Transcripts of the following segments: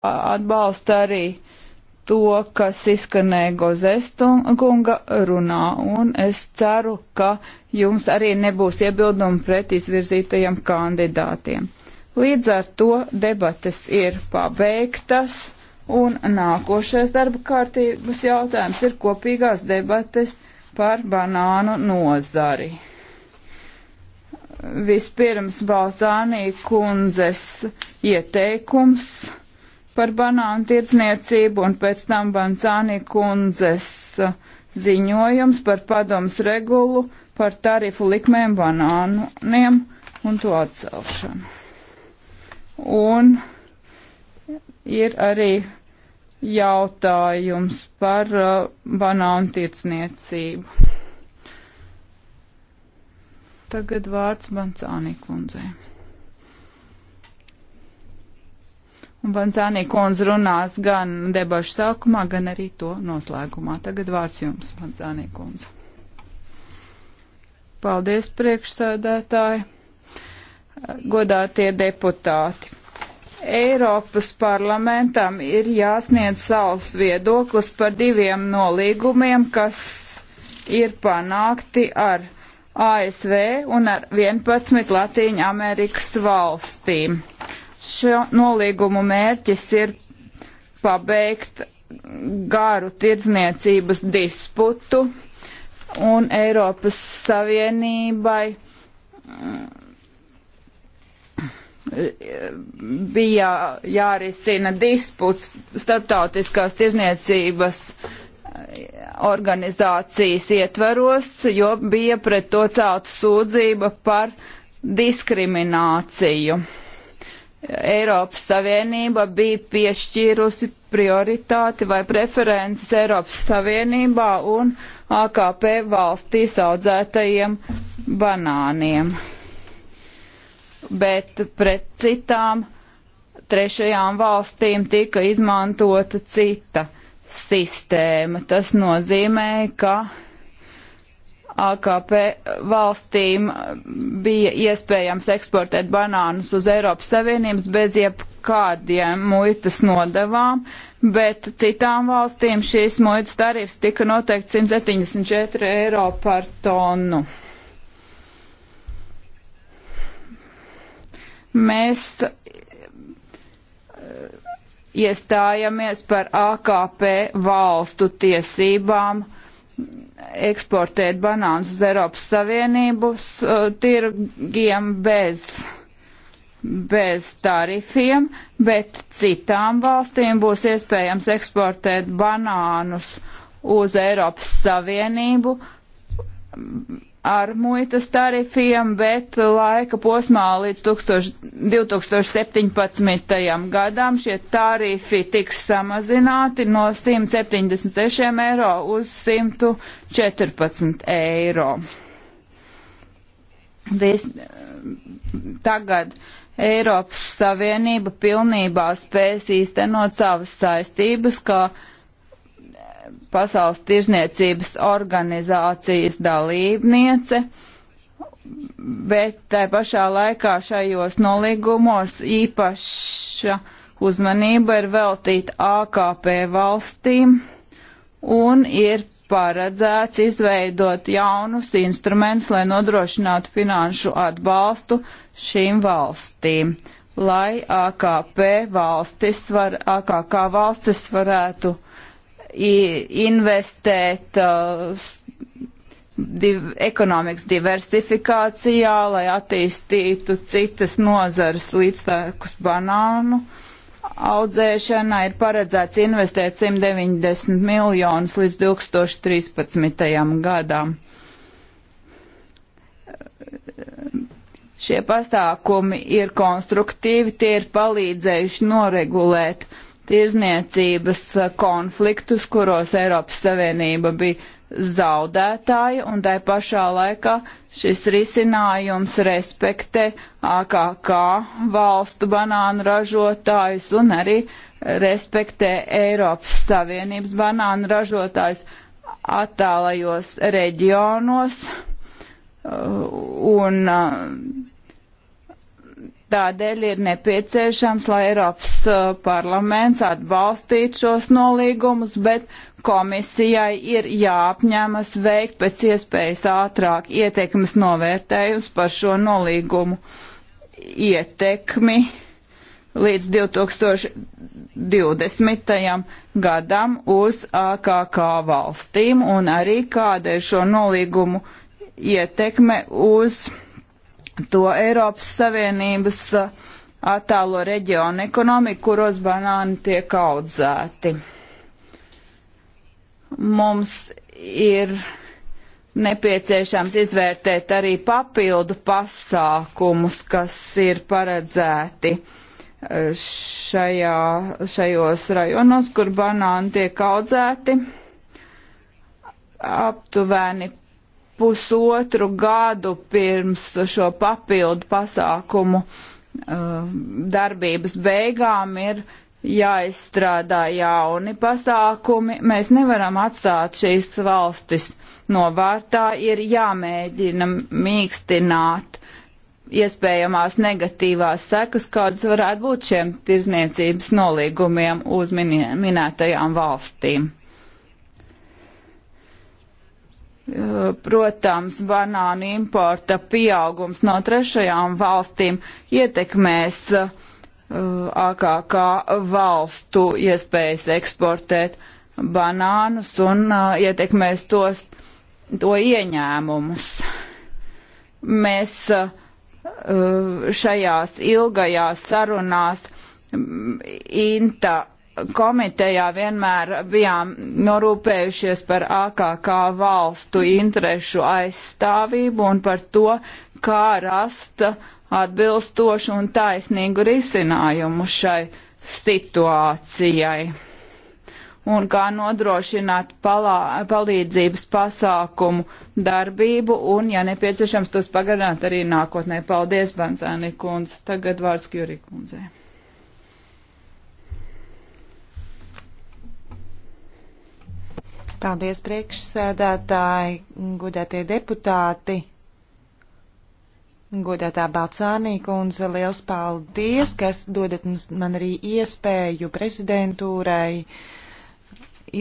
atbalsta arī to, kas izskanēja Gozestunga runā, un es ceru, ka jums arī nebūs iebildumi pret izvirzītajiem kandidātiem. Līdz ar to debates ir pabeigtas, un nākošais darba kārtības jautājums ir kopīgās debates par banānu nozari. Vispirms Balzānī kundzes ieteikums par banānu tirdzniecību un pēc tam Bancāni kundzes uh, ziņojums par padomus regulu par tarifu likmēm banāniem un to atcelšanu. Un ir arī jautājums par uh, banānu tirdzniecību. Tagad vārds Bancāni kundzei. Un Banzānī kundze runās gan debašu sākumā, gan arī to noslēgumā. Tagad vārds jums, Banzānī kundze. Paldies, priekšsēdētāji, godātie deputāti. Eiropas parlamentam ir jāsniedz savs viedoklis par diviem nolīgumiem, kas ir panākti ar ASV un ar 11 Latīņu Amerikas valstīm. Šo nolīgumu mērķis ir pabeigt garu tirdzniecības disputu un Eiropas Savienībai mm, bija jārisina disputs starptautiskās tirzniecības eh, organizācijas ietvaros, jo bija pret to celta sūdzība par diskrimināciju. Eiropas Savienība bija piešķīrusi prioritāti vai preferences Eiropas Savienībā un AKP valstīs audzētajiem banāniem. Bet pret citām trešajām valstīm tika izmantota cita sistēma. Tas nozīmē, ka AKP valstīm bija iespējams eksportēt banānus uz Eiropas Savienības bez jebkādiem muitas nodevām, bet citām valstīm šīs muitas tarifs tika noteikts 174 eiro par tonu. Mēs iestājamies par AKP valstu tiesībām eksportēt banānus uz Eiropas Savienības uh, tirgiem bez, bez tarifiem, bet citām valstīm būs iespējams eksportēt banānus uz Eiropas Savienību ar muitas tarifiem, bet laika posmā līdz 1000, 2017. gadam šie tarifi tiks samazināti no 176 eiro uz 114 eiro. Vis, tagad Eiropas Savienība pilnībā spēs īstenot savas saistības, kā Pasaules tirzniecības organizācijas dalībniece, bet tai pašā laikā šajos nolīgumos īpaša uzmanība ir veltīta AKP valstīm un ir paredzēts izveidot jaunus instrumentus, lai nodrošinātu finanšu atbalstu šīm valstīm, lai AKP valstis, var, AKK valstis varētu investēt uh, div, ekonomikas diversifikācijā, lai attīstītu citas nozares līdztekus banānu audzēšanā. Ir paredzēts investēt 190 miljonus līdz 2013. gadam. Šie pasākumi ir konstruktīvi, tie ir palīdzējuši noregulēt uh, tirzniecības konfliktus, kuros Eiropas Savienība bija zaudētāji, un tai pašā laikā šis risinājums respektē AKK valstu banānu ražotājus un arī respektē Eiropas Savienības banānu ražotājus attālajos reģionos. Uh, un uh, Tādēļ ir nepieciešams, lai Eiropas uh, parlaments atbalstītu šos nolīgumus, bet komisijai ir jāapņemas veikt pēc iespējas ātrāk ietekmes novērtējums par šo nolīgumu ietekmi līdz 2020. gadam uz AKK valstīm un arī kāda ir šo nolīgumu ietekme uz to Eiropas Savienības uh, attālo reģionu ekonomiku, kuros banāni tiek audzēti. Mums ir nepieciešams izvērtēt arī papildu pasākumus, kas ir paredzēti uh, šajā, šajos rajonos, kur banāni tiek audzēti. Aptuveni pusotru gadu pirms šo papildu pasākumu uh, darbības beigām ir jāizstrādā jauni pasākumi. Mēs nevaram atstāt šīs valstis novārtā, ir jāmēģina mīkstināt iespējamās negatīvās sekas, kādas varētu būt šiem tirzniecības nolīgumiem uz minētajām valstīm. Protams, banānu importa pieaugums no trešajām valstīm ietekmēs uh, AKK valstu iespējas eksportēt banānus un uh, ietekmēs tos, to ieņēmumus. Mēs uh, šajās ilgajās sarunās mm, Inta komitejā vienmēr bijām norūpējušies par AKK valstu interešu aizstāvību un par to, kā rast atbilstošu un taisnīgu risinājumu šai situācijai un kā nodrošināt palā, palīdzības pasākumu darbību un, ja nepieciešams, tos pagarināt arī nākotnē. Paldies, Banzāni kundze. Tagad vārds Kjurī kundzei. Paldies priekšsēdētāji, gudētie deputāti, godētā Balcānī kundze, liels paldies, kas dodat man arī iespēju prezidentūrai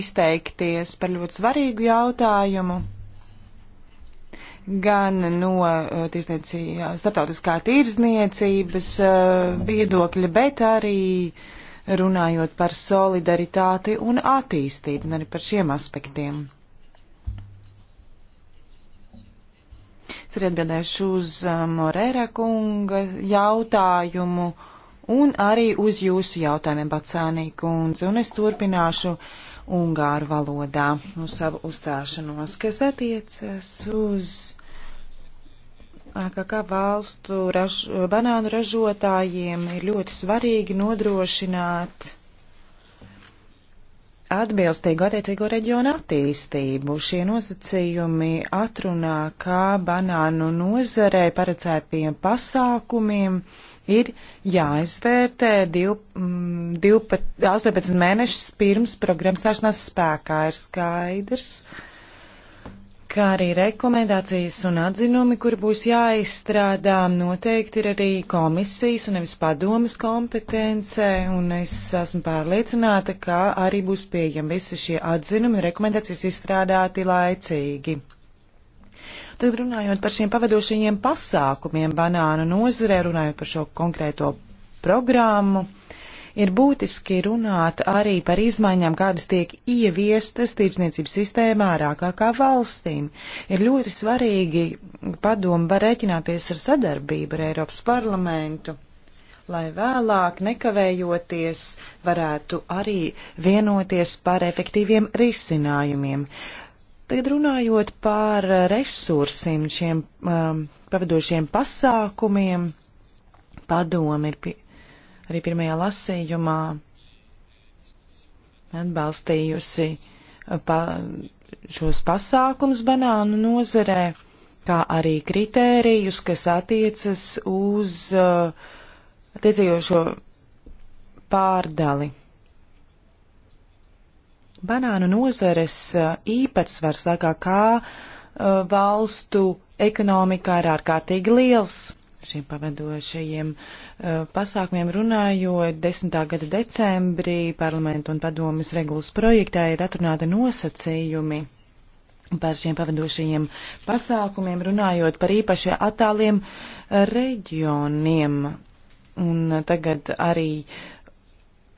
izteikties par ļoti svarīgu jautājumu gan no eh, tirsniecī, starptautiskā tirzniecības eh, viedokļa, bet arī uh, runājot par solidaritāti un attīstību, un arī par šiem aspektiem. Es arī atbildēšu uz um, Morēra kunga jautājumu un arī uz jūsu jautājumiem, Bacānī kundze, un es turpināšu ungāru valodā uz savu uzstāšanos, kas attiecas uz AKK valstu raž, banānu ražotājiem ir ļoti svarīgi nodrošināt atbilstīgu attiecīgo reģionu attīstību. Šie nosacījumi atrunā, kā banānu nozarē paredzētiem pasākumiem ir jāizvērtē div, m, mm, divpat, 18 mēnešus pirms programmas stāšanās spēkā. Ir skaidrs, uh, kā arī rekomendācijas un atzinumi, kuri būs jāizstrādā, noteikti ir arī komisijas un nevis padomas kompetence, un es esmu pārliecināta, ka arī būs pieejami visi šie atzinumi un rekomendācijas izstrādāti laicīgi. Tad runājot par šiem pavadošajiem pasākumiem banānu nozarē, runājot par šo konkrēto programmu. Uh, ir būtiski runāt arī par izmaiņām, kādas tiek ieviestas tirdzniecības sistēmā ar ārākākā valstīm. Ir ļoti svarīgi padomu var rēķināties ar sadarbību ar Eiropas parlamentu, lai vēlāk nekavējoties varētu arī vienoties par efektīviem risinājumiem. Tagad runājot par resursiem, šiem um, pavadošiem pasākumiem, padomi ir pie arī pirmajā lasījumā atbalstījusi eh, pa, šos pasākums banānu nozerē, kā arī kritērijus, kas attiecas uz uh, eh, attiecīgošo pārdali. Banānu nozares uh, īpatsvars, kā, kā uh, valstu ekonomikā ir ārkārtīgi liels šiem pavadošajiem uh, pasākumiem runājot, 10. gada decembrī parlamentu un padomas regulas projektā ir atrunāta nosacījumi par šiem pavadošajiem pasākumiem, runājot par īpaši attāliem eh, reģioniem. Un tagad arī uh,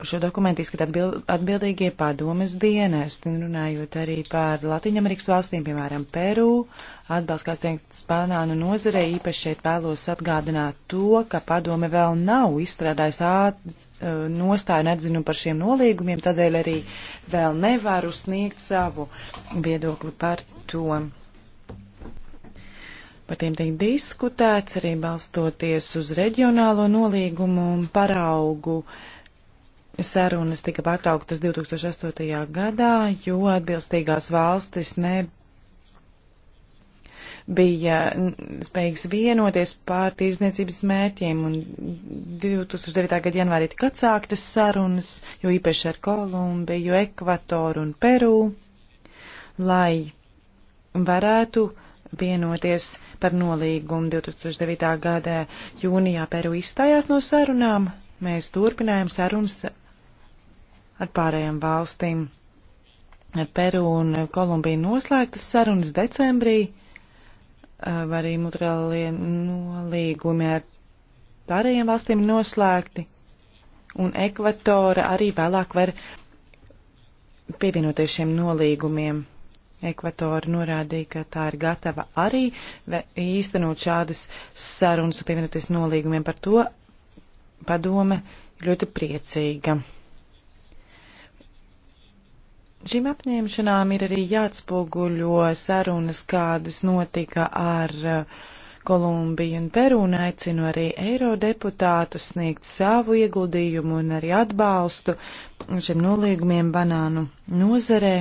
ka šo dokumentu izskata atbild, atbildīgie padomes dienesti, runājot arī par Latviju-Amerikas valstīm, piemēram, Peru. Atbalsts, kāds tiek banānu nozarē, īpaši šeit vēlos atgādināt to, ka padome vēl nav izstrādājis āt, e, nostāju un atzinu par šiem nolīgumiem, tādēļ arī vēl nevaru sniegt savu viedokli par to. Par tiem tiek diskutēts arī balstoties uz reģionālo nolīgumu un paraugu uh, Sarunas tika pārtrauktas 2008. gadā, jo atbilstīgās valstis nebija bija spējīgs vienoties pār tīrzniecības mērķiem, un 2009. gada janvārī tika atsāktas sarunas, jo īpaši ar Kolumbiju, Ekvatoru un Peru, lai varētu vienoties par nolīgumu 2009. gada jūnijā Peru izstājās no sarunām. Mēs turpinājām sarunas ar pārējām valstīm. Ar Peru un Kolumbiju noslēgtas sarunas decembrī, eh, arī mutrālie nolīgumi ar pārējām valstīm noslēgti, un Ekvatora arī vēlāk var pievienoties šiem nolīgumiem. Ekvatora norādīja, ka tā ir gatava arī īstenot šādas sarunas un pievienoties nolīgumiem. Par to padome ļoti priecīga. Šīm apņemšanām ir arī jāatspoguļo sarunas, kādas notika ar eh, Kolumbiju un Peru, un aicinu arī eirodeputātus sniegt savu ieguldījumu un arī atbalstu šiem nolīgumiem banānu nozarē.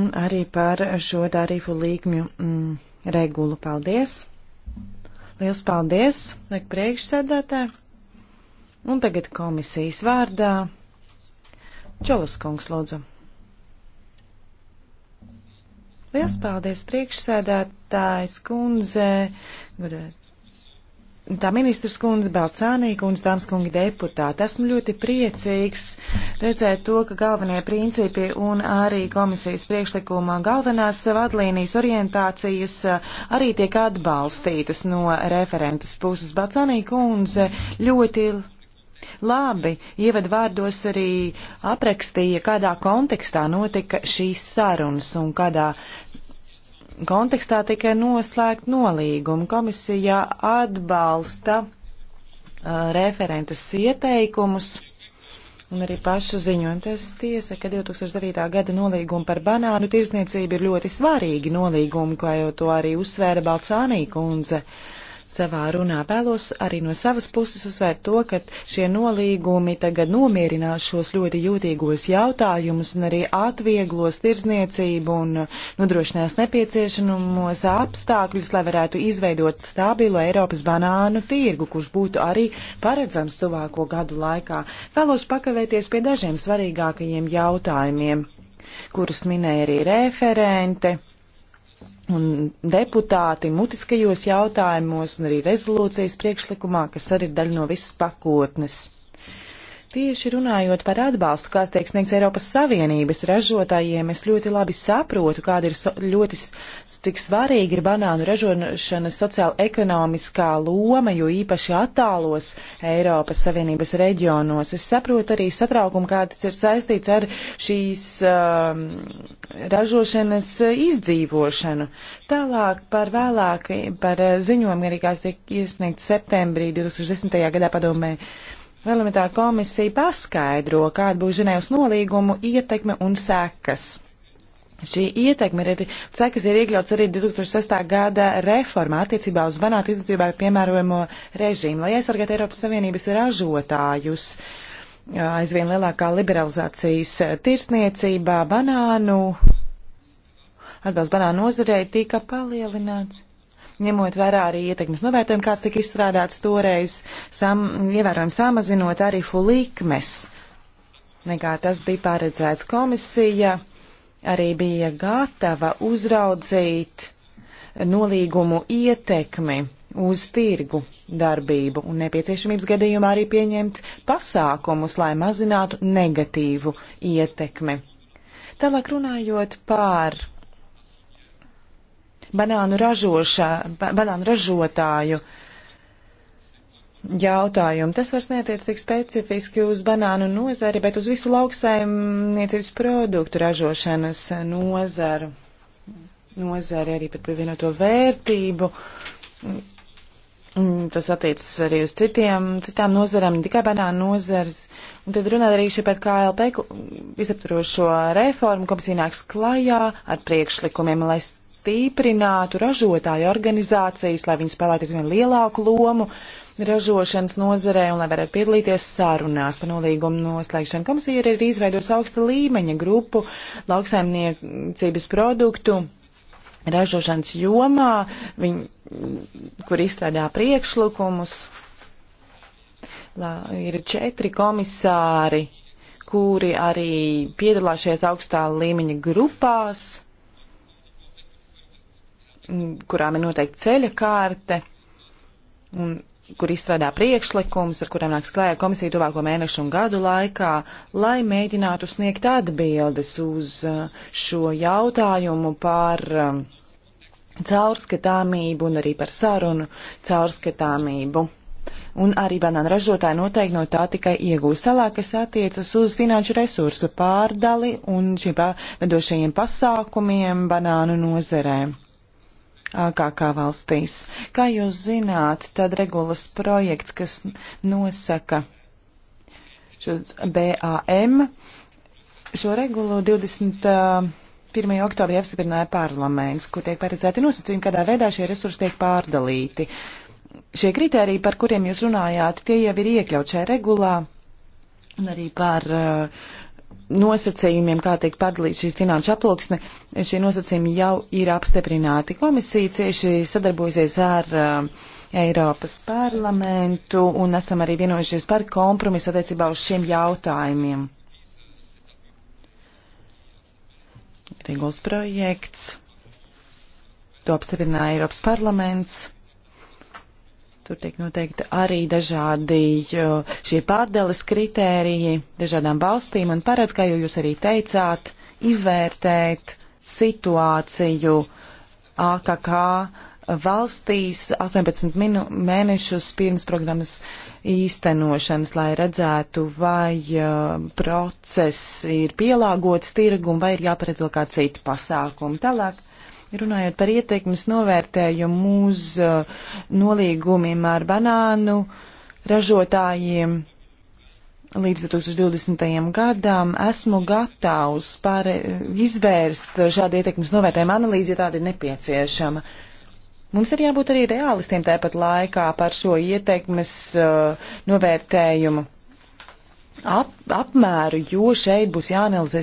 Un arī par šo tarifu līgmju mm, regulu. Paldies! Liels paldies! Liek priekšsēdētāji! Un tagad komisijas vārdā Čolas kungs lūdzu. Liels paldies priekšsēdētājs kundze, tā ministrs kundze, Balcānī kundze, dāmas kungi deputāti. Esmu ļoti priecīgs redzēt to, ka galvenie principi un arī komisijas priekšlikumā galvenās vadlīnijas orientācijas arī tiek atbalstītas no referentas puses. Balcānī kundze ļoti labi ievadvārdos arī aprakstīja, kādā kontekstā notika šīs sarunas un kādā kontekstā tika noslēgt nolīgumu. Komisija atbalsta uh, referentes ieteikumus. Un arī pašu ziņoties tiesa, ka 2009. gada nolīguma par banānu tirzniecību ir ļoti svarīgi nolīgumi, kā jau to arī uzsvēra Balcānī kundze. Uh, savā runā. Vēlos arī no savas puses uzsvērt to, ka šie nolīgumi tagad nomierinās šos ļoti jūtīgos jautājumus un arī atvieglos tirdzniecību un uh, nodrošinās nepieciešamos apstākļus, lai varētu izveidot stabilo Eiropas banānu tirgu, kurš būtu arī paredzams tuvāko gadu laikā. Vēlos pakavēties pie dažiem svarīgākajiem jautājumiem, kurus minēja arī referente un deputāti mutiskajos jautājumos un arī rezolūcijas priekšlikumā, kas arī ir daļa no visas pakotnes. Tieši runājot par atbalstu, kāds tiek sniegts Eiropas Savienības ražotājiem, es ļoti labi saprotu, kāda ir so, ļoti, cik svarīga ir banānu ražošanas sociāla-ekonomiskā loma, jo īpaši attālos Eiropas Savienības reģionos. Es saprotu arī satraukumu, kāds ir saistīts ar šīs um, ražošanas izdzīvošanu. Tālāk par vēlāk, par ziņojumu, arī kāds tiek iesniegts septembrī 2010. gadā padomē Parlamentā komisija paskaidro, kāda būs Ženēvas nolīgumu ietekme un sekas. Šī ietekme ir, sekas ir iekļauts arī 2006. gada reformā attiecībā uz banātu izglītībai piemērojamo režīmu, lai aizsargātu Eiropas Savienības ražotājus. Aizvien lielākā liberalizācijas tirsniecībā banānu atbalsts banānu nozarei tika palielināts ņemot vērā arī ietekmes novērtējumu, kāds tika izstrādāts toreiz, sam, ievērojami samazinot tarifu likmes, nekā tas bija paredzēts. Komisija arī bija gatava uzraudzīt nolīgumu ietekmi uz tirgu darbību un nepieciešamības gadījumā arī pieņemt pasākumus, lai mazinātu negatīvu ietekmi. Tālāk runājot par banānu, ražošā, ba, banānu ražotāju jautājumu. Tas vairs netiec tik specifiski uz banānu nozari, bet uz visu lauksaimniecības produktu ražošanas nozaru. Nozari arī par pievienoto vērtību. Tas attiecas arī uz citiem, citām nozarām, ne tikai banānu nozars. Un tad runāt arī šeit par KLP visaptvarošo reformu, kam sīnāks klajā ar priekšlikumiem, lai stiprinātu ražotāju organizācijas, lai viņi spēlētu aizvien lielāku lomu ražošanas nozarē un lai varētu piedalīties sārunās par nolīgumu noslēgšanu. Komisija ir izveidojusi augsta līmeņa grupu lauksaimniecības produktu ražošanas jomā, viņ, kur izstrādā priekšlikumus. Lā, ir četri komisāri, kuri arī piedalās šajās augstā līmeņa grupās kurām ir noteikti ceļa kārte un kur izstrādā priekšlikums, ar kuriem nāks klējā komisija tuvāko mēnešu un gadu laikā, lai mēģinātu sniegt atbildes uz uh, šo jautājumu par um, caurskatāmību un arī par sarunu caurskatāmību. Un arī banāna ražotāji noteikti no tā tikai iegūst tālāk, kas attiecas uz finanšu resursu pārdali un šiem vedošajiem pasākumiem banānu nozerēm AKK valstīs. Kā jūs zināt, tad regulas projekts, kas nosaka šos BAM, šo regulu 20. 1. Uh, oktobrī apstiprināja parlaments, kur tiek paredzēti nosacījumi, kādā veidā šie resursi tiek pārdalīti. Šie kriteriji, par kuriem jūs runājāt, tie jau ir iekļaut šajā regulā un arī par uh, nosacījumiem, kā tiek pārdalīta šīs finanšu aploksne, šie nosacījumi jau ir apstiprināti. Komisija cieši sadarbosies ar uh, Eiropas parlamentu un esam arī vienojušies par kompromisu attiecībā uz šiem jautājumiem. Regulas projekts. To apstiprināja Eiropas parlaments. Tur tiek noteikti arī dažādi šie pārdeles kritēriji dažādām valstīm un paredz, kā jau jūs arī teicāt, izvērtēt situāciju AKK valstīs 18 minu, mēnešus pirms programmas īstenošanas, lai redzētu, vai uh, process ir pielāgots tirgumu vai ir jāparedz vēl kā citu pasākumu. Tālāk Runājot par ieteikumus novērtējumu uz uh, nolīgumiem ar banānu ražotājiem līdz 2020. gadam, esmu gatavs pār, uh, izvērst šādu ieteikumus novērtējumu analīzi, ja tāda ir nepieciešama. Mums ir jābūt arī realistiem tāpat laikā par šo ieteikumus uh, novērtējumu ap, apmēru, jo šeit būs jāanalizē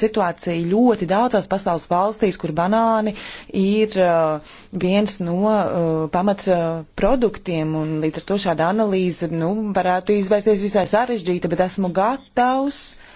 situācija ļoti daudzās pasaules valstīs, kur banāni ir uh, viens no uh, pamatproduktiem, uh, un līdz ar to šāda analīze nu, varētu izvērsties visai sarežģīta, bet esmu gatavs uh,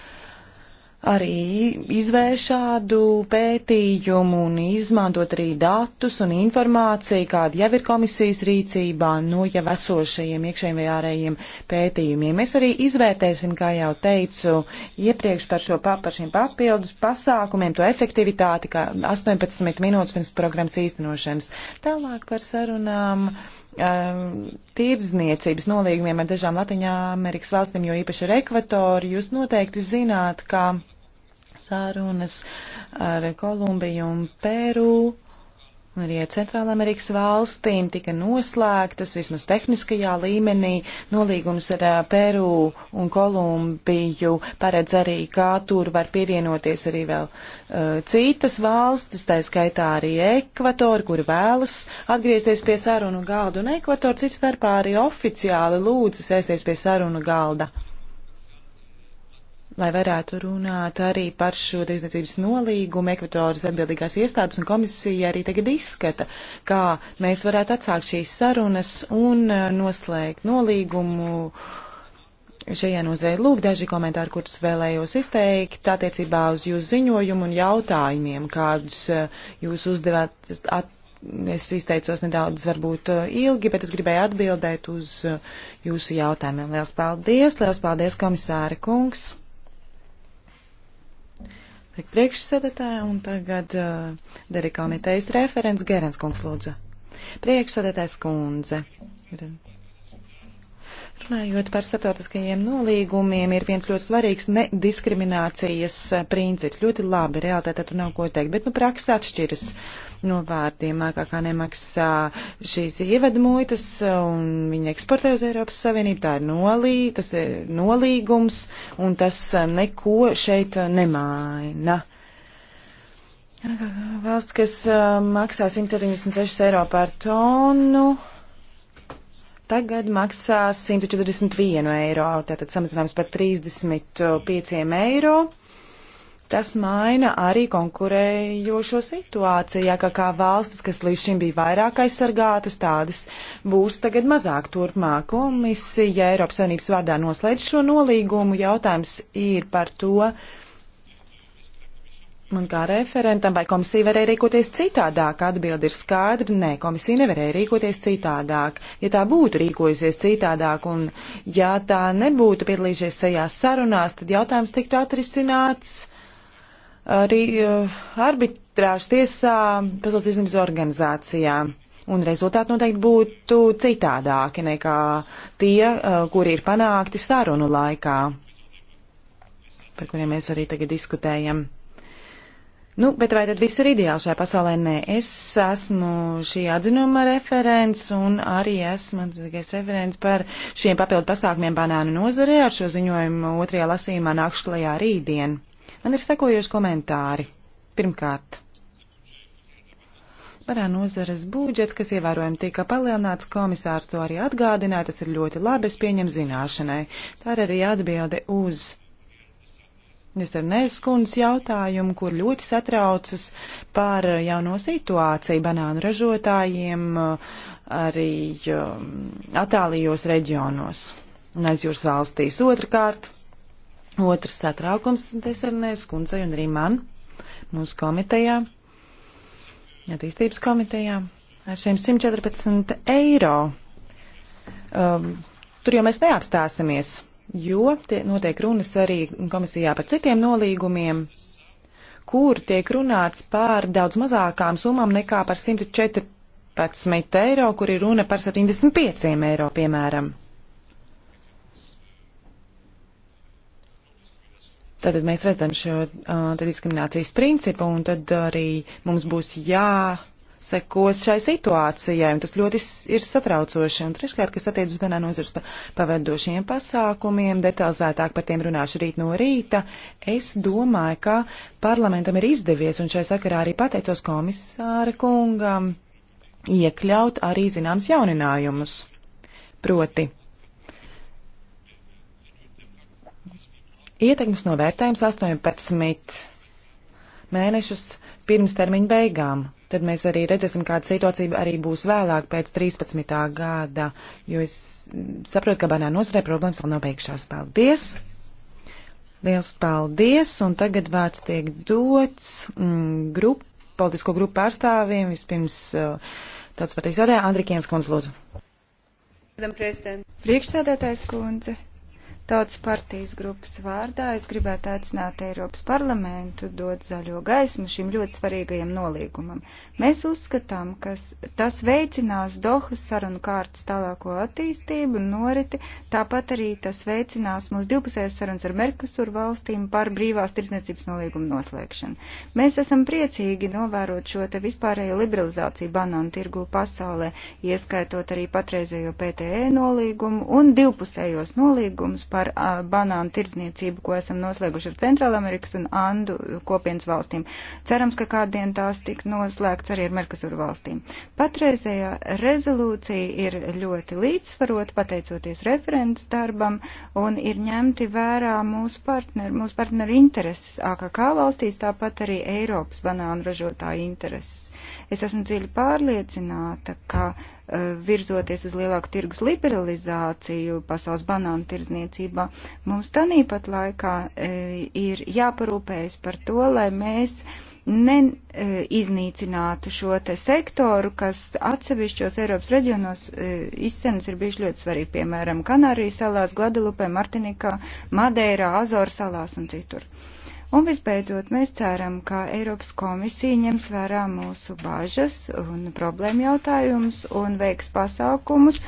arī izvērš šādu pētījumu un izmantot arī datus un informāciju, kāda jau ir komisijas rīcībā no nu, jau esošajiem iekšējiem vai ārējiem pētījumiem. Mēs arī izvērtēsim, kā jau teicu, iepriekš par, šo, par šiem papildus pasākumiem, to efektivitāti, kā 18 minūtes pirms programmas īstenošanas. Tālāk par sarunām um, tirdzniecības nolīgumiem ar dažām Latviju-Amerikas valstīm, jo īpaši ar Ekvatoru, jūs noteikti zināt, ka sārunas ar Kolumbiju un Peru. Arī ar Centrālamerikas valstīm tika noslēgtas vismaz tehniskajā līmenī. Nolīgums ar Peru un Kolumbiju paredz arī, kā tur var pievienoties arī vēl uh, citas valstis, tā skaitā arī Ekvatora, kur vēlas atgriezties pie sarunu galda, un Ekvatora cits starpā arī oficiāli lūdzas ēsties pie sarunu galda. Uh, lai varētu runāt arī par šo tirdzniecības nolīgumu. Ekvadoras atbildīgās iestādes un komisija arī tagad izskata, kā mēs varētu atsākt šīs sarunas un eh, noslēgt nolīgumu. Šajā nozarē lūk daži komentāri, kurus vēlējos izteikt attiecībā uz jūsu ziņojumu un jautājumiem, kādus eh, jūs uzdevāt. At, es izteicos nedaudz varbūt eh, ilgi, bet es gribēju atbildēt uz jūsu jautājumiem. Liels paldies, liels paldies komisāra kungs. Priekšsēdētāja un tagad uh, Derika komitejas referents Gerens kungs lūdzu. Priekšsēdētājs kundze. Ir Runājot par starptautiskajiem nolīgumiem, ir viens ļoti svarīgs nediskriminācijas eh, princips. Ļoti labi, realitātē tur nav ko teikt, bet nu praksa atšķiras no vārdiem. Kā nemaksā šīs ievadmuitas eh, un viņi eksportē uz Eiropas Savienību, tā ir, nolī, tas ir eh, nolīgums un tas neko šeit nemaina. Valsts, kas maksā 176 eiro par tonu tagad maksā 141 eiro, tātad samazinājums par 35 eiro. Tas maina arī konkurējošo situāciju, ja kā, kā valstis, kas līdz šim bija vairāk aizsargātas, tādas būs tagad mazāk turpmāk. Komisija Eiropas Savienības vārdā noslēdz šo nolīgumu. Jautājums ir par to, uh, Man kā referentam vai komisija varēja rīkoties citādāk? Atbildi ir skaidra. Nē, komisija nevarēja rīkoties citādāk. Ja tā būtu rīkojusies citādāk un ja tā nebūtu piedalījušies tajās sarunās, tad jautājums tiktu atrisināts arī uh, arbitrāžu tiesā pasaules izņemas organizācijā. Un rezultāti noteikti būtu citādāki nekā tie, uh, kuri ir panākti sarunu laikā, par kuriem mēs arī tagad diskutējam. Nu, bet vai tad viss ir ideāli šajā pasaulē? Nē, es esmu šī atzinuma referents un arī esmu tikai referents par šiem papildu pasākumiem banānu nozarē. Ar šo ziņojumu otrajā lasījumā nākšu klajā rītdien. Man ir sekojoši komentāri. Pirmkārt. Parā nozares budžets, kas ievērojami tika palielināts, komisārs to arī atgādināja, tas ir ļoti labi, es pieņem zināšanai. Tā ir arī atbilde uz Es ar Neskundas jautājumu, kur ļoti satraucas par jauno situāciju banānu ražotājiem uh, arī attālījos um, reģionos un aizjūras valstīs. Otrakārt, otrs satraukums Desarnēs kundzei un arī man, mūsu komitejā, attīstības komitejā, ar šiem 114 eiro. Um, tur jau mēs neapstāsimies jo notiek runas arī komisijā par citiem nolīgumiem, kur tiek runāts par daudz mazākām summām nekā par 114 eiro, kur ir runa par 75 eiro, piemēram. Tātad mēs redzam šo uh, diskriminācijas principu, un tad arī mums būs jā sekos šai situācijai, un tas ļoti ir satraucoši. Un treškārt, kas attiec uz bērnu nozars pavadošiem pasākumiem, detalizētāk par tiem runāšu rīt no rīta, es domāju, ka parlamentam ir izdevies, un šai sakarā arī pateicos komisāra kungam, iekļaut arī zināms jauninājumus. Proti, ietekmes novērtējums 18 mēnešus pirms termiņa beigām tad mēs arī redzēsim, kāda situācija arī būs vēlāk pēc 13. gada, jo es saprotu, ka banāna nozarē problēmas vēl nav beigšās. Paldies! Liels paldies! Un tagad vārds tiek dots mm, grup, politisko grupu pārstāvjiem. Vispirms eh, tāds pateiks arī Andrikienas kundze, lūdzu. Priekšsēdētājs kundze. Tautas partijas grupas vārdā es gribētu aicināt Eiropas parlamentu dot zaļo gaismu šim ļoti svarīgajam nolīgumam. Mēs uzskatām, ka tas veicinās Dohas sarunu kārtas tālāko attīstību un noriti, tāpat arī tas veicinās mūsu divpusējas sarunas ar Merkusur valstīm par brīvās tirdzniecības nolīgumu noslēgšanu. Mēs esam priecīgi novērot šo te vispārējo liberalizāciju banānu tirgu pasaulē, ieskaitot arī patreizējo PTE nolīgumu un divpusējos nolīgumus par par uh, banānu tirdzniecību, ko esam noslēguši ar Centrālamerikas un Andu kopienas valstīm. Cerams, ka kādien tās tiks noslēgts arī ar Merkusuru valstīm. Patreizējā rezolūcija ir ļoti līdzsvarota, pateicoties referents darbam, un ir ņemti vērā mūsu partneru, mūsu partneru intereses AKK valstīs, tāpat arī Eiropas banānu ražotāju intereses. Es esmu dziļi pārliecināta, ka eh, virzoties uz lielāku tirgus liberalizāciju pasaules banānu tirdzniecībā, mums tanīpat laikā eh, ir jāparūpējas par to, lai mēs neiznīcinātu eh, šo te sektoru, kas atsevišķos Eiropas reģionos izcenas ir bijuši ļoti svarīgi, piemēram, Kanārijas salās, Guadalupē, Martinikā, Madeirā, Azoru salās un citur. Uh, Un visbeidzot, mēs ceram, ka Eiropas komisija ņems vērā mūsu bažas un problēmu jautājumus un veiks pasākumus,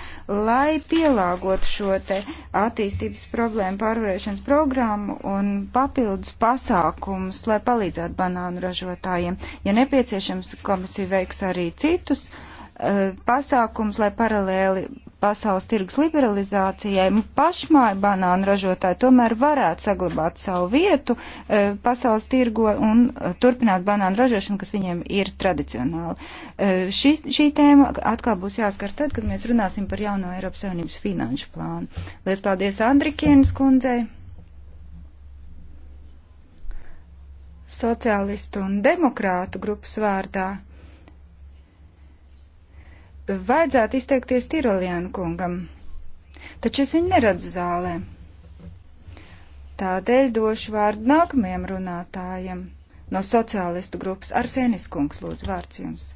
lai pielāgot šo te attīstības problēmu pārvarēšanas programmu un papildus pasākumus, lai palīdzētu banānu ražotājiem. Ja nepieciešams, komisija veiks arī citus uh, pasākums, lai paralēli pasaules tirgus liberalizācijai, pašmāju banānu ražotāji tomēr varētu saglabāt savu vietu e, pasaules tirgo un e, turpināt banānu ražošanu, kas viņiem ir tradicionāli. E, šis, šī tēma atkal būs jāskar tad, kad mēs runāsim par jauno Eiropas Savienības finanšu plānu. Lies paldies Andrikienas kundzei! Sociālistu un demokrātu grupas vārdā vajadzētu izteikties Tirolienu kungam, taču es viņu neredzu zālē. Tādēļ došu vārdu nākamajam runātājam no sociālistu grupas Arsenis kungs, lūdzu, vārds jums.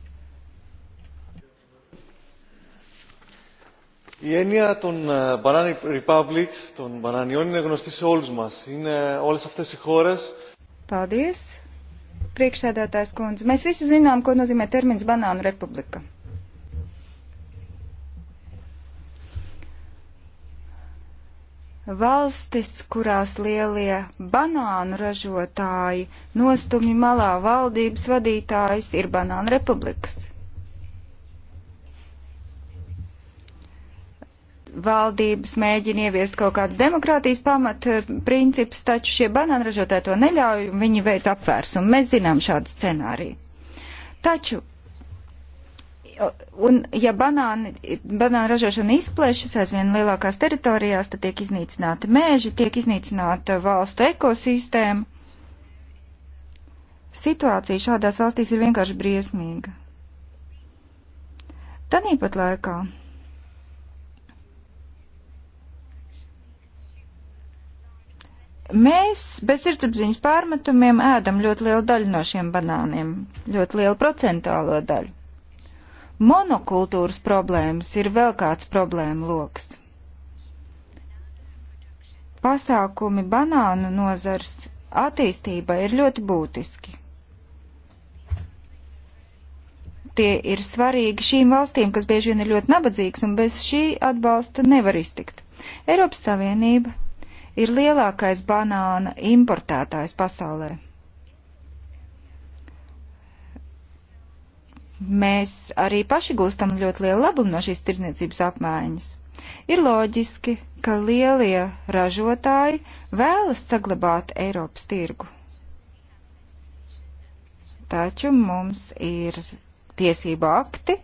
Η έννοια των Banana Republics, των μπανανιών, είναι γνωστή σε όλους μας. Είναι όλες αυτές οι χώρες. Paldies, priekšsēdētājs kundze. Mēs visi zinām, ko nozīmē termins banānu republika. valstis, kurās lielie banānu ražotāji nostumi malā valdības vadītājus, ir banānu republikas. Valdības mēģina ieviest kaut kādas demokrātijas pamatprincipus, eh, taču šie banānu ražotāji to neļauj, viņi veic apvērsumu. Mēs zinām šādu scenāriju. Taču Un, ja banāni, banāna ražošana izplešas aizvien lielākās teritorijās, tad tiek iznīcināti mēži, tiek iznīcināta valstu ekosistēma. Situācija šādās valstīs ir vienkārši briesmīga. Tanīpat laikā Mēs bez sirdsapziņas pārmetumiem ēdam ļoti lielu daļu no šiem banāniem, ļoti lielu procentuālo daļu. Monokultūras problēmas ir vēl kāds problēma loks. Pasākumi banānu nozars attīstība ir ļoti būtiski. Tie ir svarīgi šīm valstīm, kas bieži vien ir ļoti nabadzīgas, un bez šī atbalsta nevar iztikt. Eiropas Savienība ir lielākais banāna importētājs pasaulē. Mēs arī paši gūstam ļoti lielu labumu no šīs tirdzniecības apmaiņas. Ir loģiski, ka lielie ražotāji vēlas saglabāt Eiropas tirgu. Taču mums ir tiesību akti,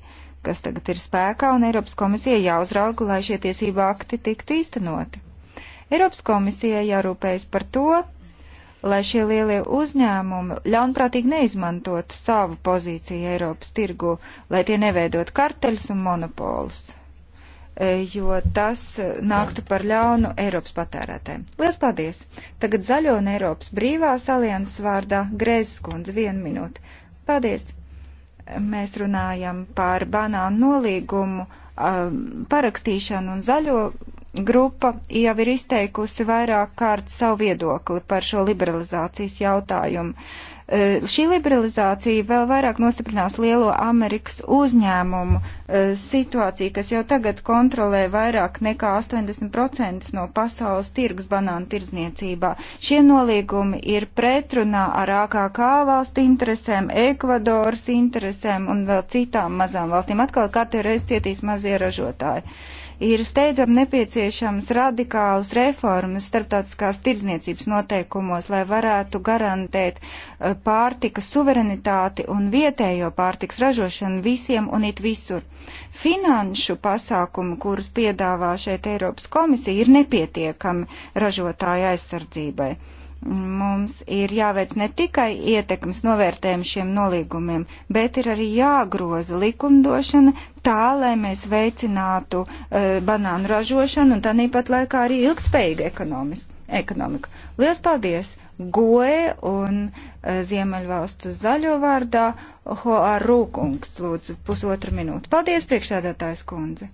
kas tagad ir spēkā, un Eiropas komisija jāuzrauga, lai šie tiesību akti tiktu īstenoti. Eiropas komisija jārūpējas par to, lai šie lielie uzņēmumi ļaunprātīgi neizmantotu savu pozīciju Eiropas tirgu, lai tie neveidot karteļus un monopolus, e, jo tas nāktu par ļaunu Eiropas patērētēm. Lielas paldies! Tagad zaļo un Eiropas brīvās alianses vārdā Grēzes kundze vienu minūti. Paldies! Mēs runājam par banānu nolīgumu, parakstīšanu un zaļo grupa jau ir izteikusi vairāk kārt savu viedokli par šo liberalizācijas jautājumu. E, šī liberalizācija vēl vairāk nostiprinās lielo Amerikas uzņēmumu e, situāciju, kas jau tagad kontrolē vairāk nekā 80% no pasaules tirgus banānu tirdzniecībā. Šie nolīgumi ir pretrunā ar AKK valstu interesēm, Ekvadoras interesēm un vēl citām mazām valstīm. Atkal katru reizi cietīs mazie ražotāji. Uh, Ir steidzam nepieciešams radikālas reformas starptautiskās tirdzniecības noteikumos, lai varētu garantēt eh, pārtikas suverenitāti un vietējo pārtikas ražošanu visiem un it visur. Finanšu pasākumi, kurus piedāvā šeit Eiropas komisija, ir nepietiekami ražotāju aizsardzībai. Mums ir jāveic ne tikai ietekmes novērtējumi šiem nolīgumiem, bet ir arī jāgroza likumdošana tā, lai mēs veicinātu uh, banānu ražošanu un tāpat laikā arī ilgspējīgu ekonomiku. Lielas paldies! goe un eh, Ziemeļvalstu zaļo vārdā Hoa Rūkungs, lūdzu, pusotru minūtu. Paldies, priekšsēdētājs kundze.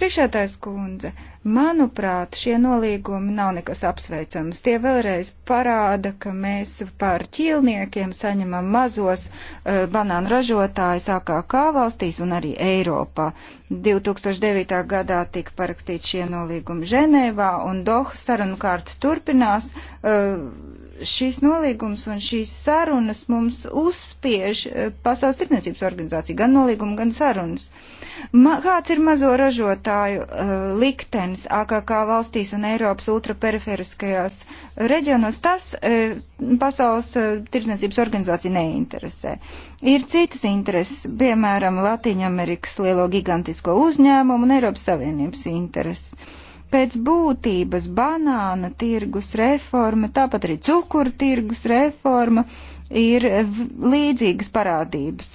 Priekšsēdētājs kundze, manuprāt, šie nolīgumi nav nekas apsveicams. Tie vēlreiz parāda, ka mēs par ķīlniekiem saņemam mazos uh, banānu ražotājus AKK valstīs un arī Eiropā. 2009. gadā tika parakstīti šie nolīgumi Ženēvā un Doha sarunu kārta turpinās. Uh, šīs nolīgums un šīs sarunas mums uzspiež eh, Pasaules tirdzniecības organizācija, gan nolīguma, gan sarunas. Ma, kāds ir mazo ražotāju uh, liktenis AKK valstīs un Eiropas ultraperiferiskajās reģionos? Tas uh, Pasaules uh, tirdzniecības organizācija neinteresē. Ir citas intereses, piemēram, Latīņamerikas lielo gigantisko uzņēmumu un Eiropas Savienības intereses Pēc būtības banāna tirgus reforma, tāpat arī cukuru tirgus reforma ir līdzīgas parādības.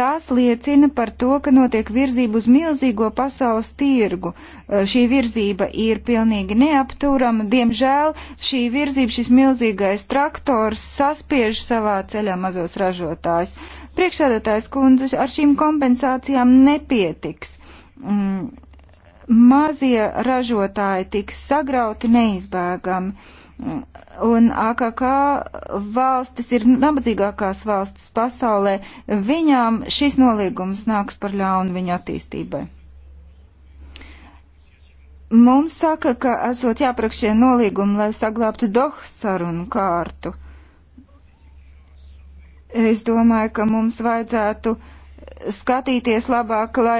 Tās liecina par to, ka notiek virzība uz milzīgo pasaules tirgu. E, šī virzība ir pilnīgi neapturama. Diemžēl šī virzība, šis milzīgais traktors saspiež savā ceļā mazos ražotājus. Priekšsēdētājs kundze, ar šīm kompensācijām nepietiks. Mm, mazie ražotāji tiks sagrauti neizbēgami. Un AKK valstis ir nabadzīgākās valstis pasaulē. Viņām šis noliegums nāks par ļaunu viņu attīstībai. Mums saka, ka esot jāprakšie nolīgumi, lai saglābtu Dohas sarunu kārtu. Es domāju, ka mums vajadzētu uh, skatīties labāk, lai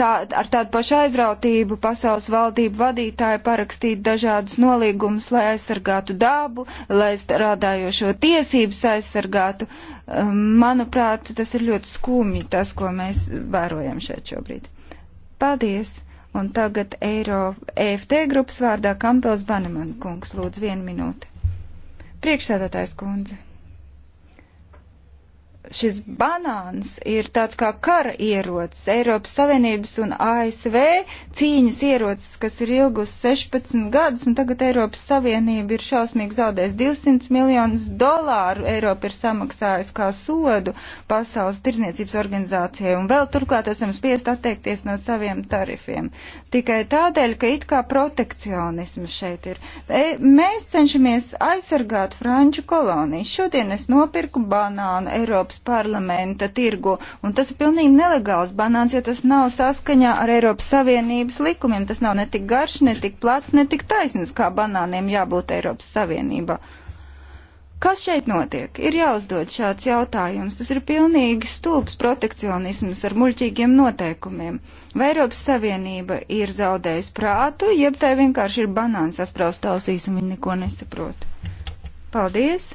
tā, ar tādu pašu aizrautību pasaules valdību vadītāji parakstītu dažādus nolīgumus, lai aizsargātu dabu, lai strādājošo tiesības aizsargātu. Um, manuprāt, tas ir ļoti skumji, tas, ko mēs vērojam šeit šobrīd. Paldies! Un tagad Eiro EFT grupas vārdā Kampels Baneman kungs lūdz vienu minūti. Priekšsēdētājs kundze šis banāns ir tāds kā kara ierocis, Eiropas Savienības un ASV cīņas ierocis, kas ir ilgus 16 gadus, un tagad Eiropas Savienība ir šausmīgi zaudējusi 200 miljonus dolāru. Eiropa ir samaksājusi kā sodu Pasaules tirzniecības organizācijai, un vēl turklāt esam spiest atteikties no saviem tarifiem. Tikai tādēļ, ka it kā protekcionisms šeit ir. E, mēs cenšamies aizsargāt franču kolonijas. Šodien es nopirku banānu Eiropas Eiropas parlamenta tirgu. Un tas ir pilnīgi nelegāls banāns, jo tas nav saskaņā ar Eiropas Savienības likumiem. Tas nav ne tik garš, ne tik plats, ne tik taisnīgs, kā banāniem jābūt Eiropas Savienībā. Kas šeit notiek? Ir jāuzdod šāds jautājums. Tas ir pilnīgi stulbs protekcionisms ar muļķīgiem noteikumiem. Vai Eiropas Savienība ir zaudējusi prātu, jeb tai vienkārši ir banāns saspraust ausīs un viņi neko nesaprot? Paldies!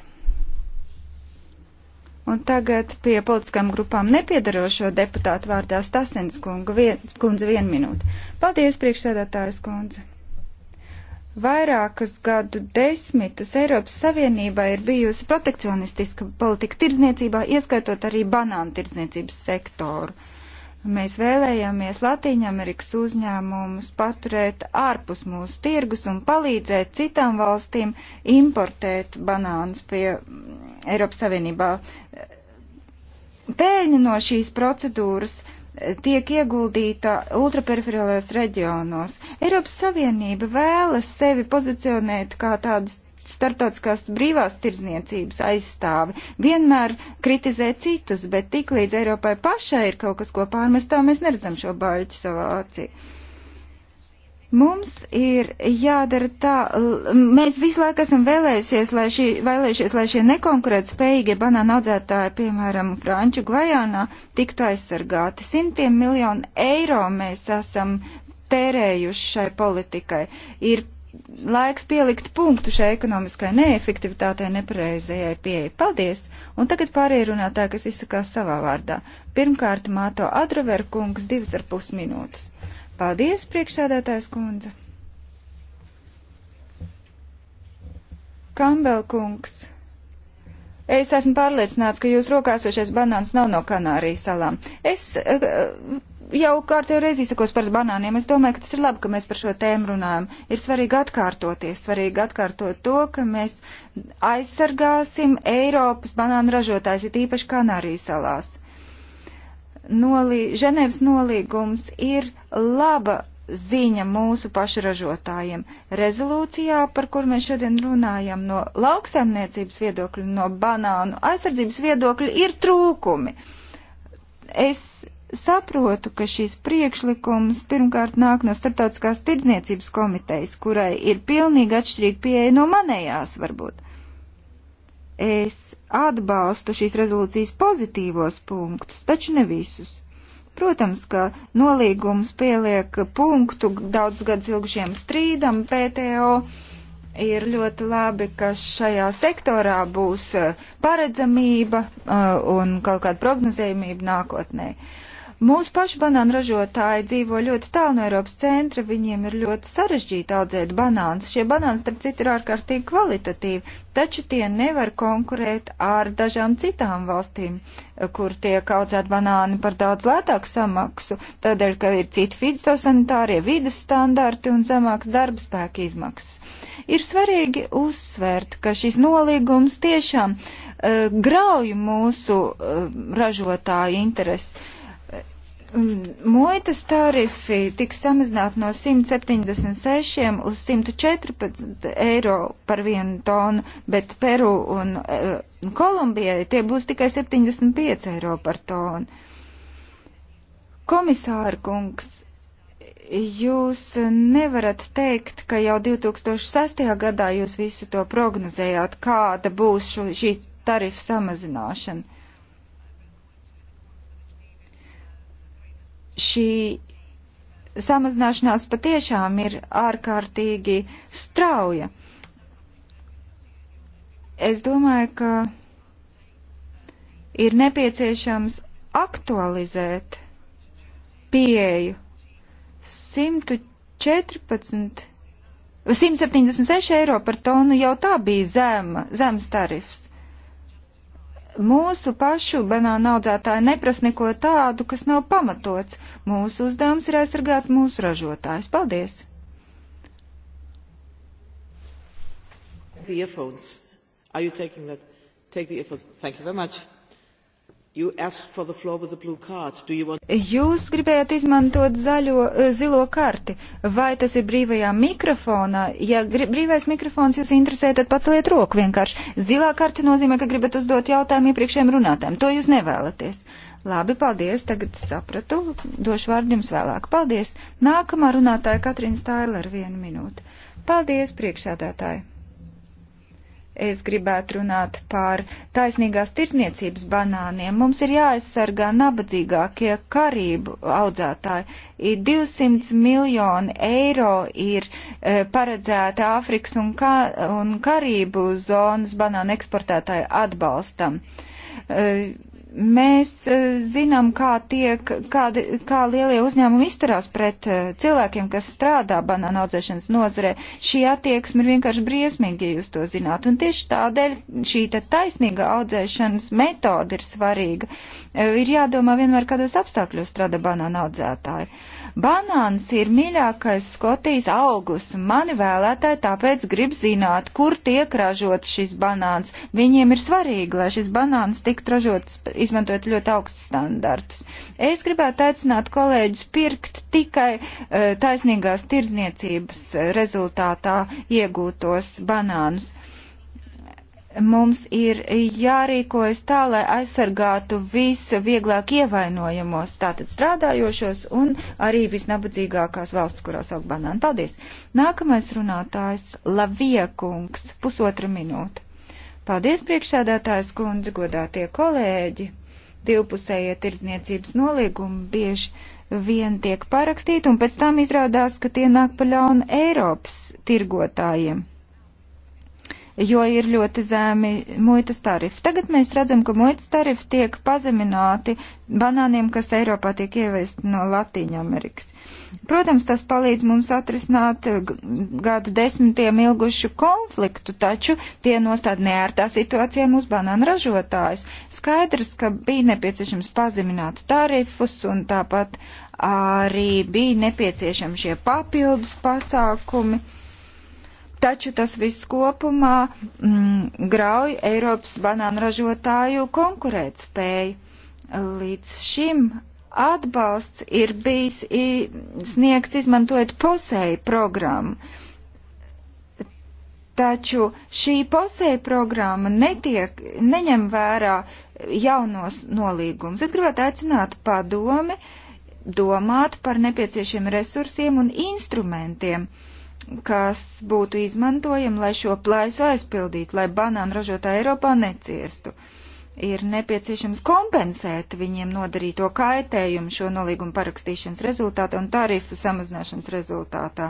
Un tagad pie politiskām grupām nepiedarošo deputātu vārdā Stasens vien, kundze vienu minūti. Paldies, priekšsēdētājas kundze! Vairākus gadu desmitus Eiropas Savienībā ir bijusi protekcionistiska politika tirdzniecībā, ieskaitot arī banānu tirdzniecības sektoru. Mēs vēlējāmies Latīņamerikas uzņēmumus paturēt ārpus mūsu tirgus un palīdzēt citām valstīm importēt banānus pie mm, Eiropas Savienībā. Pēļņa no šīs procedūras eh, tiek ieguldīta ultraperiferālajos reģionos. Eiropas Savienība vēlas sevi pozicionēt kā tādas starptautiskās brīvās tirzniecības aizstāvi vienmēr kritizē citus, bet tik līdz Eiropai pašai ir kaut kas, ko pārmestā, mēs neredzam šo baļķi savā acī. Mums ir jādara tā, mēs visu laiku esam vēlējušies, lai, šī, vēlējušies, lai šie nekonkurēt spējīgie banāna audzētāji, piemēram, Franču Gvajānā, tiktu aizsargāti. Simtiem miljonu eiro mēs esam tērējuši šai politikai. Ir laiks pielikt punktu šai ekonomiskai neefektivitātei, nepareizajai pieeja. Paldies! Un tagad pārējie runātāji, kas izsakās savā vārdā. Pirmkārt, Māto Adraverkungs, divas ar pus minūtes. Paldies, priekšsēdētājs kundze! Kambelkungs! Es esmu pārliecināts, ka jūs rokāsošais banāns nav no Kanārijas salām. Es uh, jau kārtējo reizi izsakos par banāniem. Es domāju, ka tas ir labi, ka mēs par šo tēmu runājam. Ir svarīgi atkārtoties, svarīgi atkārtot to, ka mēs aizsargāsim Eiropas banānu ražotājs, ir īpaši Kanārijas salās. Nolī, Ženēvas nolīgums ir laba ziņa mūsu pašu ražotājiem. Rezolūcijā, par kur mēs šodien runājam, no lauksaimniecības viedokļa, no banānu aizsardzības viedokļa, ir trūkumi. Es saprotu, ka šīs priekšlikums pirmkārt nāk no starptautiskās tirdzniecības komitejas, kurai ir pilnīgi atšķirīga pieeja no manējās, varbūt. Es atbalstu šīs rezolūcijas pozitīvos punktus, taču ne visus. Protams, ka nolīgums pieliek punktu daudz gadus ilgušiem strīdam PTO. Ir ļoti labi, ka šajā sektorā būs eh, paredzamība eh, un kaut kāda prognozējumība nākotnē. Uh, Mūsu pašu banānu ražotāji dzīvo ļoti tālu no Eiropas centra, viņiem ir ļoti sarežģīti audzēt banānus. Šie banāni, starp citu, ir ārkārtīgi kvalitatīvi, taču tie nevar konkurēt ar dažām citām valstīm, kur tiek audzēt banāni par daudz lētāku samaksu, tādēļ, ka ir citi fitosanitārie vides standarti un zemāks darba spēka izmaksas. Ir svarīgi uzsvērt, ka šis nolīgums tiešām uh, grauj mūsu uh, ražotāju intereses Mm, muitas tarifi tiks samazināti no 176 uz 114 eiro par vienu tonu, bet Peru un uh, Kolumbijai tie būs tikai 75 eiro par tonu. Komisārkungs, jūs nevarat teikt, ka jau 2006. gadā jūs visu to prognozējāt, kāda būs šo, šī tarifu samazināšana. šī samazināšanās patiešām ir ārkārtīgi strauja. Es domāju, ka ir nepieciešams aktualizēt pieeju 114, 176 eiro par tonu jau tā bija zema, zems tarifs. Mūsu pašu banāna audzētāji neprasa neko tādu, kas nav pamatots. Mūsu uzdevums ir aizsargāt mūsu ražotājus. Paldies! The earphones. Are you taking that? Take the earphones. Thank you very much. Want... Jūs gribējāt izmantot zaļo, eh, zilo karti. Vai tas ir brīvajā mikrofonā? Ja grib, brīvais mikrofons jūs interesē, tad paceliet roku vienkārši. Zilā karti nozīmē, ka gribat uzdot jautājumu iepriekšējiem runātājiem. To jūs nevēlaties. Labi, paldies. Tagad sapratu. Došu vārdu jums vēlāk. Paldies. Nākamā runātāja Katrīna Staila ar vienu minūti. Paldies, priekšsēdētāji. Es gribētu runāt par taisnīgās tirdzniecības banāniem. Mums ir jāaizsargā nabadzīgākie karību audzētāji. 200 miljoni eiro ir e, paredzēta Āfrikas un, ka, un Karību zonas banāna eksportētāju atbalstam. E, Mēs eh, zinām, kā, tiek, kā, kā lielie uzņēmumi izturās pret eh, cilvēkiem, kas strādā banāna audzēšanas nozarē. Šī attieksme ir vienkārši briesmīga, ja jūs to zināt. Un tieši tādēļ šī taisnīga audzēšanas metode ir svarīga. Eh, ir jādomā vienmēr, kādos apstākļos strādā banāna audzētāji. Banāns ir mīļākais Skotijas auglis. Mani vēlētāji tāpēc grib zināt, kur tiek ražots šis banāns. Viņiem ir svarīgi, lai šis banāns tiktu ražots izmantojat ļoti augstus standartus. Es gribētu aicināt kolēģus pirkt tikai uh, taisnīgās tirdzniecības eh, rezultātā iegūtos banānus. Mums ir jārīkojas tā, lai aizsargātu visvieglāk ievainojamos, tātad strādājošos un arī visnabadzīgākās valsts, kurās aug banāni. Paldies! Nākamais runātājs Laviekungs, pusotra minūte. Paldies, priekšsādātājs kundze, godātie kolēģi! Divpusējie tirdzniecības nolīgumi bieži vien tiek parakstīti, un pēc tam izrādās, ka tie nāk pa ļaunu Eiropas tirgotājiem, jo ir ļoti zemi muitas tarifi. Tagad mēs redzam, ka muitas tarifi tiek pazemināti banāniem, kas Eiropā tiek ievesti no Latīņa Amerikas. Uh, Protams, tas palīdz mums atrisināt eh, gadu desmitiem ilgušu konfliktu, taču tie nostāda neērtā situācijā mūsu banāna ražotājus. Skaidrs, ka bija nepieciešams pazemināt tarifus un tāpat arī bija nepieciešami šie papildus pasākumi. Taču tas viss kopumā mm, grauj Eiropas banāna ražotāju konkurētspēju līdz šim Atbalsts ir bijis sniegts izmantojot posēju programmu. Taču šī posēja programma netiek, neņem vērā jaunos nolīgumus. Es gribētu aicināt padomi domāt par nepieciešiem resursiem un instrumentiem, kas būtu izmantojami, lai šo plaisu aizpildītu, lai banānu ražotāji Eiropā neciestu ir nepieciešams kompensēt viņiem nodarīto kaitējumu šo nolīgumu parakstīšanas rezultātā un tarifu samazināšanas rezultātā.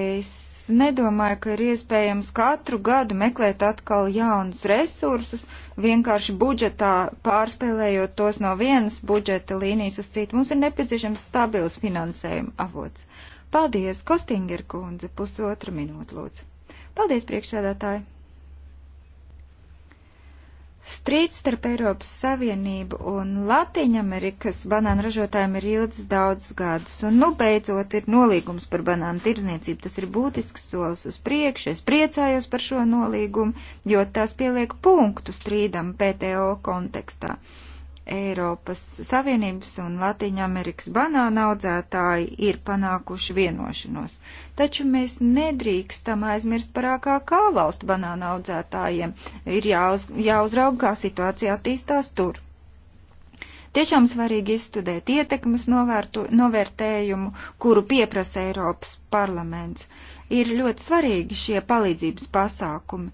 Es nedomāju, ka ir iespējams katru gadu meklēt atkal jaunus resursus, vienkārši budžetā pārspēlējot tos no vienas budžeta līnijas uz citu. Mums ir nepieciešams stabils finansējuma avots. Paldies, Kostinger kundze, pusotra minūte lūdzu. Paldies, priekšsēdētāji! Strīds starp Eiropas Savienību un Latīņamerikas banānu ražotājiem ir ilgs daudzus gadus, un nu beidzot ir nolīgums par banānu tirdzniecību. Tas ir būtisks solis uz priekšu. Es priecājos par šo nolīgumu, jo tas pieliek punktu strīdam PTO kontekstā. Uh, Eiropas Savienības un Latīņa Amerikas banāna audzētāji ir panākuši vienošanos. Taču mēs nedrīkstam aizmirst par AKK valstu banāna audzētājiem. Ir jāuz, jāuzraug, kā situācija attīstās tur. Tiešām svarīgi izstudēt ietekmes novērtu, novērtējumu, kuru pieprasa Eiropas parlaments. Ir ļoti svarīgi šie palīdzības pasākumi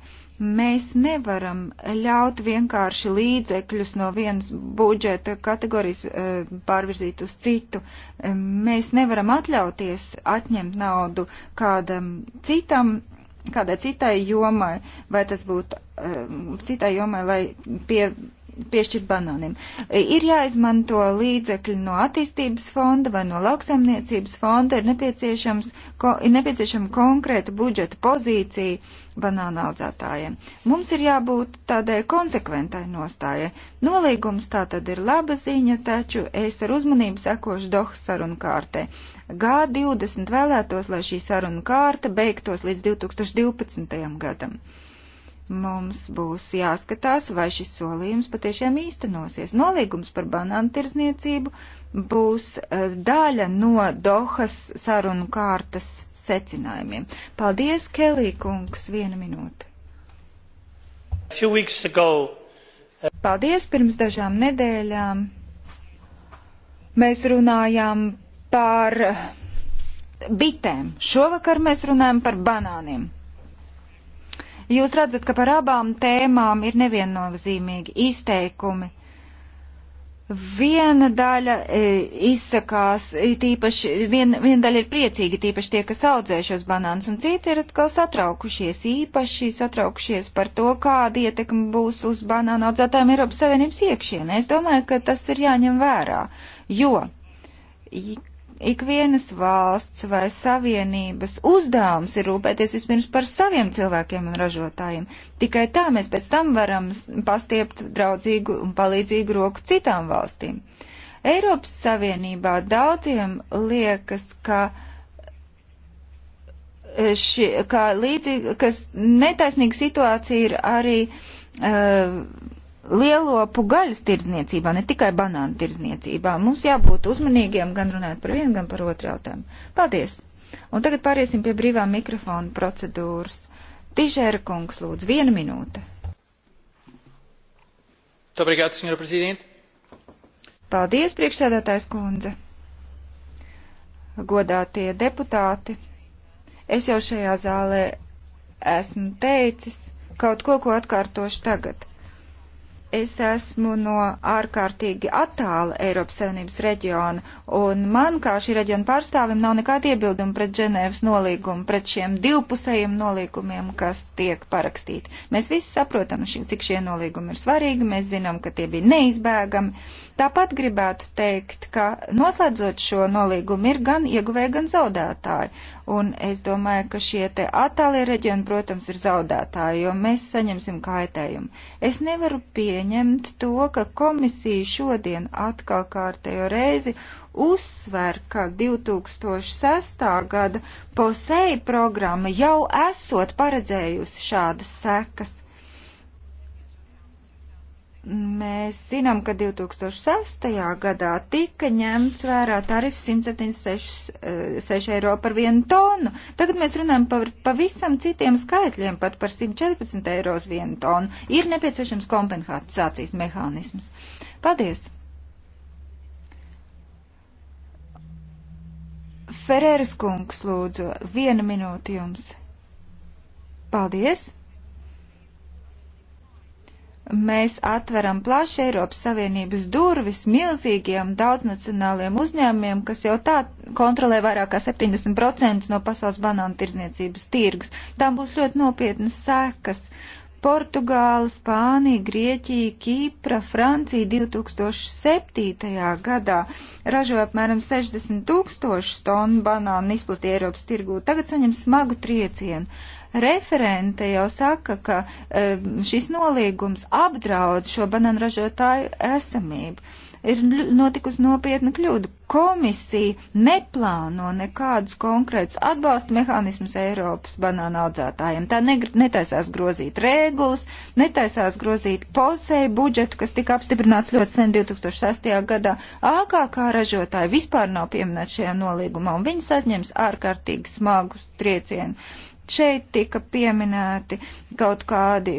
Mēs nevaram ļaut vienkārši līdzekļus no vienas budžeta kategorijas eh, pārvirzīt uz citu. Mēs nevaram atļauties atņemt naudu kādam citam, kādai citai jomai, vai tas būtu citai jomai, lai pie piešķirt banāniem. E, ir jāizmanto līdzekļi no attīstības fonda vai no lauksaimniecības fonda, ir, nepieciešams, ko, ir nepieciešama konkrēta budžeta pozīcija banāna audzētājiem. Mums ir jābūt tādai konsekventai nostājai. Nolīgums tā tad ir laba ziņa, taču es ar uzmanību sekošu Dohas sarunu kārtē. G20 vēlētos, lai šī saruna kārta beigtos līdz 2012. gadam. Mums būs jāskatās, vai šis solījums patiešām īstenosies. Nolīgums par banānu tirzniecību būs e, daļa no Dohas sarunu kārtas secinājumiem. Paldies, Kelī kungs, viena minūte. Uh, Paldies, pirms dažām nedēļām mēs runājām par bitēm. Šovakar mēs runājam par banāniem. Jūs redzat, ka par abām tēmām ir neviennozīmīgi izteikumi. Viena daļa e, izsakās, e, tīpaši, vien, viena daļa ir priecīga, tīpaši tie, kas audzē šos banānus, un citi ir atkal satraukušies, īpaši satraukušies par to, kāda ietekme būs uz banānu audzētājiem Eiropas Savienības iekšienē. Es domāju, ka tas ir jāņem vērā, jo ikvienas valsts vai savienības uzdevums ir rūpēties vispirms par saviem cilvēkiem un ražotājiem. Tikai tā mēs pēc tam varam pastiept draudzīgu un palīdzīgu roku citām valstīm. Eiropas Savienībā daudziem liekas, ka e, ši, ka līdzīgi, kas netaisnīga situācija ir arī uh, lielopu gaļas tirdzniecībā, ne tikai banānu tirdzniecībā. Mums jābūt uzmanīgiem gan runājot par vienu, gan par otru jautājumu. Paldies! Un tagad pāriesim pie brīvā mikrofona procedūras. Tižēra kungs, lūdzu, viena minūte. Obrigado, senhora Presidente. Paldies, priekšsēdētājs kundze. Godātie deputāti, es jau šajā zālē esmu teicis kaut ko, ko atkārtošu tagad es esmu no ārkārtīgi attāla Eiropas Savienības reģiona, un man kā šī reģiona pārstāvim nav nekāda iebilduma pret Ženēvas nolīgumu, pret šiem divpusējiem nolīgumiem, kas tiek parakstīti. Mēs visi saprotam, cik šie nolīgumi ir svarīgi, mēs zinām, ka tie bija neizbēgami, Tāpat gribētu teikt, ka noslēdzot šo nolīgumu ir gan ieguvēji, gan zaudētāji. Un es domāju, ka šie te attālie reģioni, protams, ir zaudētāji, jo mēs saņemsim kaitējumu. Es nevaru pieņemt to, ka komisija šodien atkal kārtējo reizi uzsver, ka 2006. gada POSEI programma jau esot paredzējusi šādas sekas. Mēs zinām, ka 2006. gadā tika ņemts vērā tarifs 176 eh, eiro par vienu tonu. Tagad mēs runājam par pavisam citiem skaitļiem, pat par 114 eiro uz vienu tonu. Ir nepieciešams kompensācijas mehānisms. Paldies! Ferēras kungs, lūdzu, viena minūte jums. Paldies! mēs atveram plaši Eiropas Savienības durvis milzīgiem daudznacionāliem uzņēmumiem, kas jau tā kontrolē vairāk kā 70% no pasaules banānu tirdzniecības tirgus. Tām būs ļoti nopietnas sekas. Portugāla, Spānija, Grieķija, Kīpra, Francija 2007. gadā ražoja apmēram 60 tūkstošu tonu banānu un izplatīja Eiropas tirgū. Tagad saņem smagu triecienu. Referente jau saka, ka e, šis nolīgums apdraud šo banānu ražotāju esamību. Ir notikusi nopietna kļūda. Komisija neplāno nekādus konkrētus atbalsta mehānismus Eiropas banāna audzētājiem. Tā netaisās grozīt regulas, netaisās grozīt posēju budžetu, kas tika apstiprināts ļoti sen 2006. gadā. AKK ražotāji vispār nav pieminēti šajā nolīgumā, un viņi saņems ārkārtīgi smagus triecienus šeit tika pieminēti kaut kādi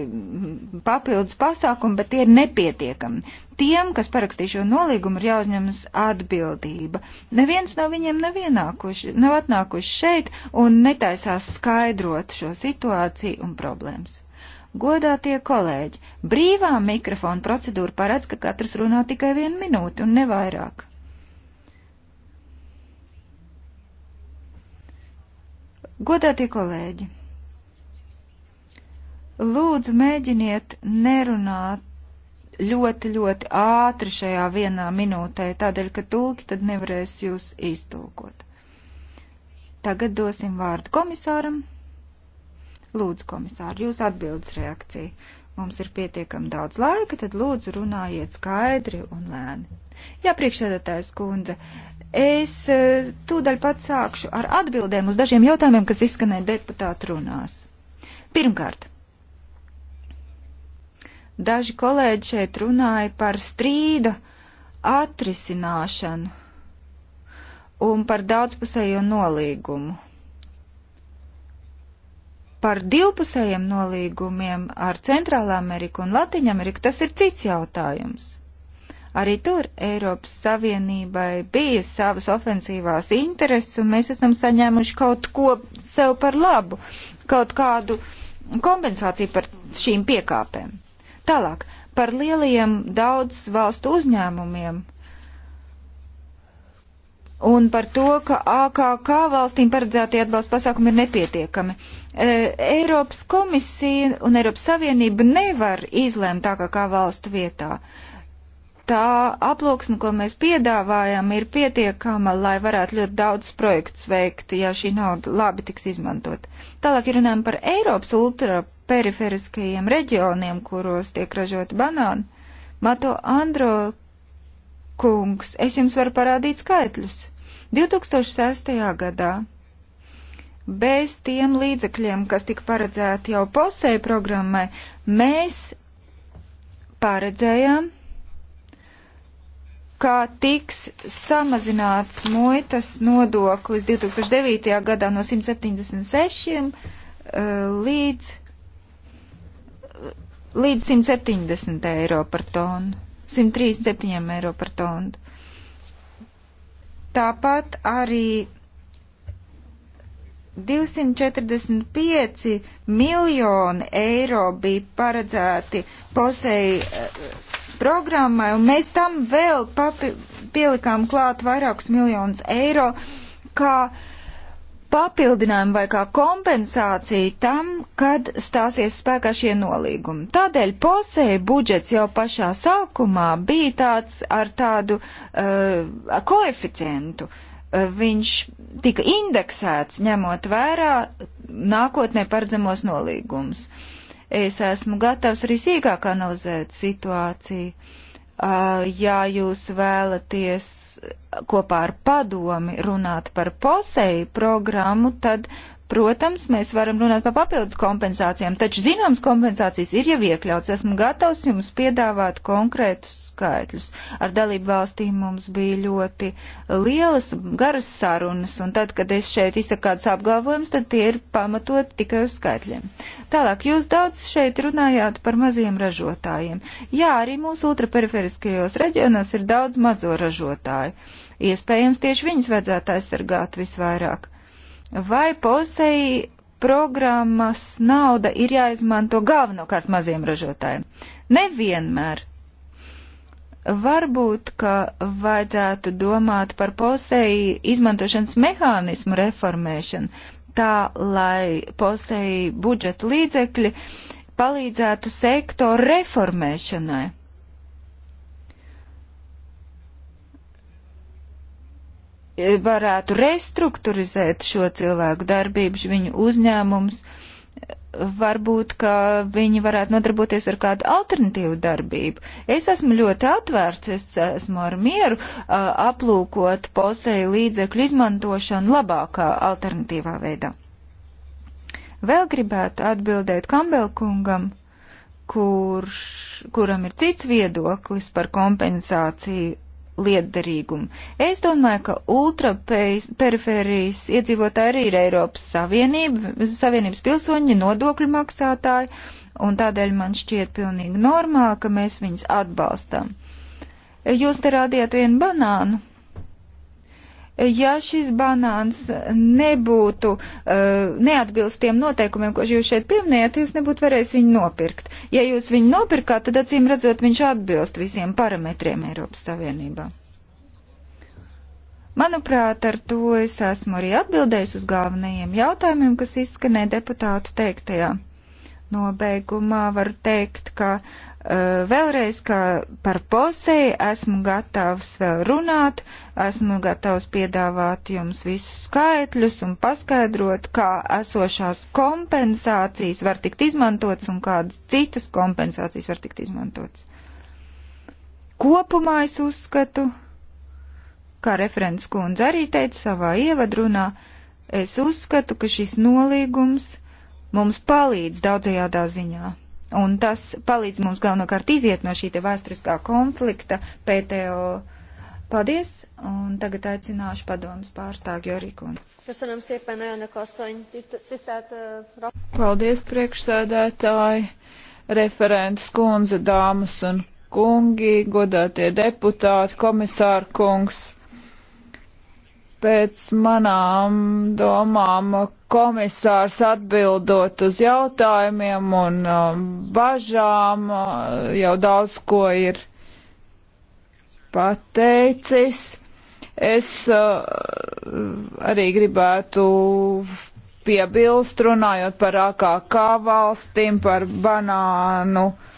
papildus pasākumi, bet tie ir nepietiekami. Tiem, kas parakstīja šo nolīgumu, ir jāuzņemas atbildība. Neviens no viņiem nav, nav atnākuši šeit un netaisās skaidrot šo situāciju un problēmas. Godātie kolēģi, brīvā mikrofona procedūra paredz, ka katrs runā tikai vienu minūti un nevairāk. Godātie kolēģi, lūdzu mēģiniet nerunāt ļoti, ļoti ātri šajā vienā minūtē, tādēļ, ka tulki tad nevarēs jūs iztulkot. Tagad dosim vārdu komisāram. Lūdzu, komisāri, jūs atbildes reakcija. Mums ir pietiekami daudz laika, tad lūdzu runājiet skaidri un lēni. Jā, priekšsēdētājs kundze, Es e, tūdaļ pat sākšu ar atbildēm uz dažiem jautājumiem, kas izskanēja deputātu runās. Pirmkārt, daži kolēģi šeit runāja par strīda atrisināšanu un par daudzpusējo nolīgumu. Par divpusējiem nolīgumiem ar Centrālā Ameriku un Latviju Ameriku tas ir cits jautājums. Arī tur Eiropas Savienībai bija savas ofensīvās intereses, un mēs esam saņēmuši kaut ko sev par labu, kaut kādu kompensāciju par šīm piekāpēm. Tālāk par lielajiem daudz valstu uzņēmumiem un par to, ka AKK valstīm paredzētie atbalsta pasākumi ir nepietiekami. E, Eiropas komisija un Eiropas Savienība nevar izlēmt tā kā, kā valstu vietā tā aploksne, ko mēs piedāvājam, ir pietiekama, lai varētu ļoti daudz projektus veikt, ja šī nauda labi tiks izmantot. Tālāk ir runājumi par Eiropas ultraperiferiskajiem reģioniem, kuros tiek ražoti banāni. Mato Andro kungs, es jums varu parādīt skaitļus. 2006. gadā bez tiem līdzekļiem, kas tika paredzēti jau posēju programmai, mēs paredzējām ka tiks samazināts muitas nodoklis 2009. gadā no 176 uh, līdz, līdz 170 eiro par tonu, 137 eiro par tonu. Tāpat arī 245 miljoni eiro bija paredzēti posei uh, programmai, un mēs tam vēl papi, pielikām klāt vairākus miljonus eiro, kā papildinājumu vai kā kompensāciju tam, kad stāsies spēkā šie nolīgumi. Tādēļ posēja budžets jau pašā sākumā bija tāds ar tādu uh, koeficientu. Uh, viņš tika indeksēts ņemot vērā nākotnē paredzamos nolīgumus. Uh, Es esmu gatavs arī sīkāk analizēt situāciju. Ja jūs vēlaties kopā ar padomi runāt par posēju programmu, tad Protams, mēs varam runāt par papildus kompensācijām, taču zināmas kompensācijas ir jau iekļauts. Esmu gatavs jums piedāvāt konkrētus skaitļus. Ar dalību valstīm mums bija ļoti lielas, garas sarunas, un tad, kad es šeit izsaku kādus apgalvojumus, tad tie ir pamatot tikai uz skaitļiem. Tālāk, jūs daudz šeit runājāt par maziem ražotājiem. Jā, arī mūsu ultraperiferiskajos reģionos ir daudz mazo ražotāju. Iespējams, tieši viņus vajadzētu aizsargāt visvairāk Vai posei programmas nauda ir jāizmanto galvenokārt maziem ražotājiem? Nevienmēr. Varbūt, ka vajadzētu domāt par posei izmantošanas mehānismu reformēšanu, tā lai posei budžeta līdzekļi palīdzētu sektoru reformēšanai varētu restruktūrizēt šo cilvēku darbības, viņu uzņēmums, varbūt, ka viņi varētu nodarboties ar kādu alternatīvu darbību. Es esmu ļoti atvērts, es esmu ar mieru aplūkot posēju līdzekļu izmantošanu labākā alternatīvā veidā. Vēl gribētu atbildēt Kambelkungam, kurš, kuram ir cits viedoklis par kompensāciju lietderīgumu. Es domāju, ka ultraperiferijas iedzīvotāji arī ir Eiropas Savienība, Savienības pilsoņi, nodokļu maksātāji, un tādēļ man šķiet pilnīgi normāli, ka mēs viņus atbalstam. Jūs te rādījāt vienu banānu ja šis banāns nebūtu, uh, neatbilst tiem noteikumiem, ko jūs šeit pieminējāt, jūs nebūtu varējis viņu nopirkt. Ja jūs viņu nopirkāt, tad acīm redzot, viņš atbilst visiem parametriem Eiropas Savienībā. Manuprāt, ar to es esmu arī atbildējis uz galvenajiem jautājumiem, kas izskanēja deputātu teiktajā. Nobeigumā var teikt, ka uh, Eh, vēlreiz, ka par posēju esmu gatavs vēl runāt, esmu gatavs piedāvāt jums visus skaitļus un paskaidrot, kā esošās kompensācijas var tikt izmantotas un kādas citas kompensācijas var tikt izmantotas. Kopumā es uzskatu, kā referents kundze arī teica savā ievadrunā, es uzskatu, ka šis nolīgums mums palīdz daudzajādā ziņā Un tas palīdz mums galvenokārt iziet no šī te vēsturiskā konflikta PTO. Paldies, un tagad aicināšu padomus pārstāvju Jorikunu. Köszönöm szépen, elnök asszony, tisztelt... Paldies, priekšsēdētāji, referents kundze, dāmas un kungi, godātie deputāti, komisāra kungs. Pēc manām domām komisārs atbildot uz jautājumiem un um, bažām uh, jau daudz ko ir pateicis. Es uh, arī gribētu piebilst, runājot par AKK valstīm, par banānu uh,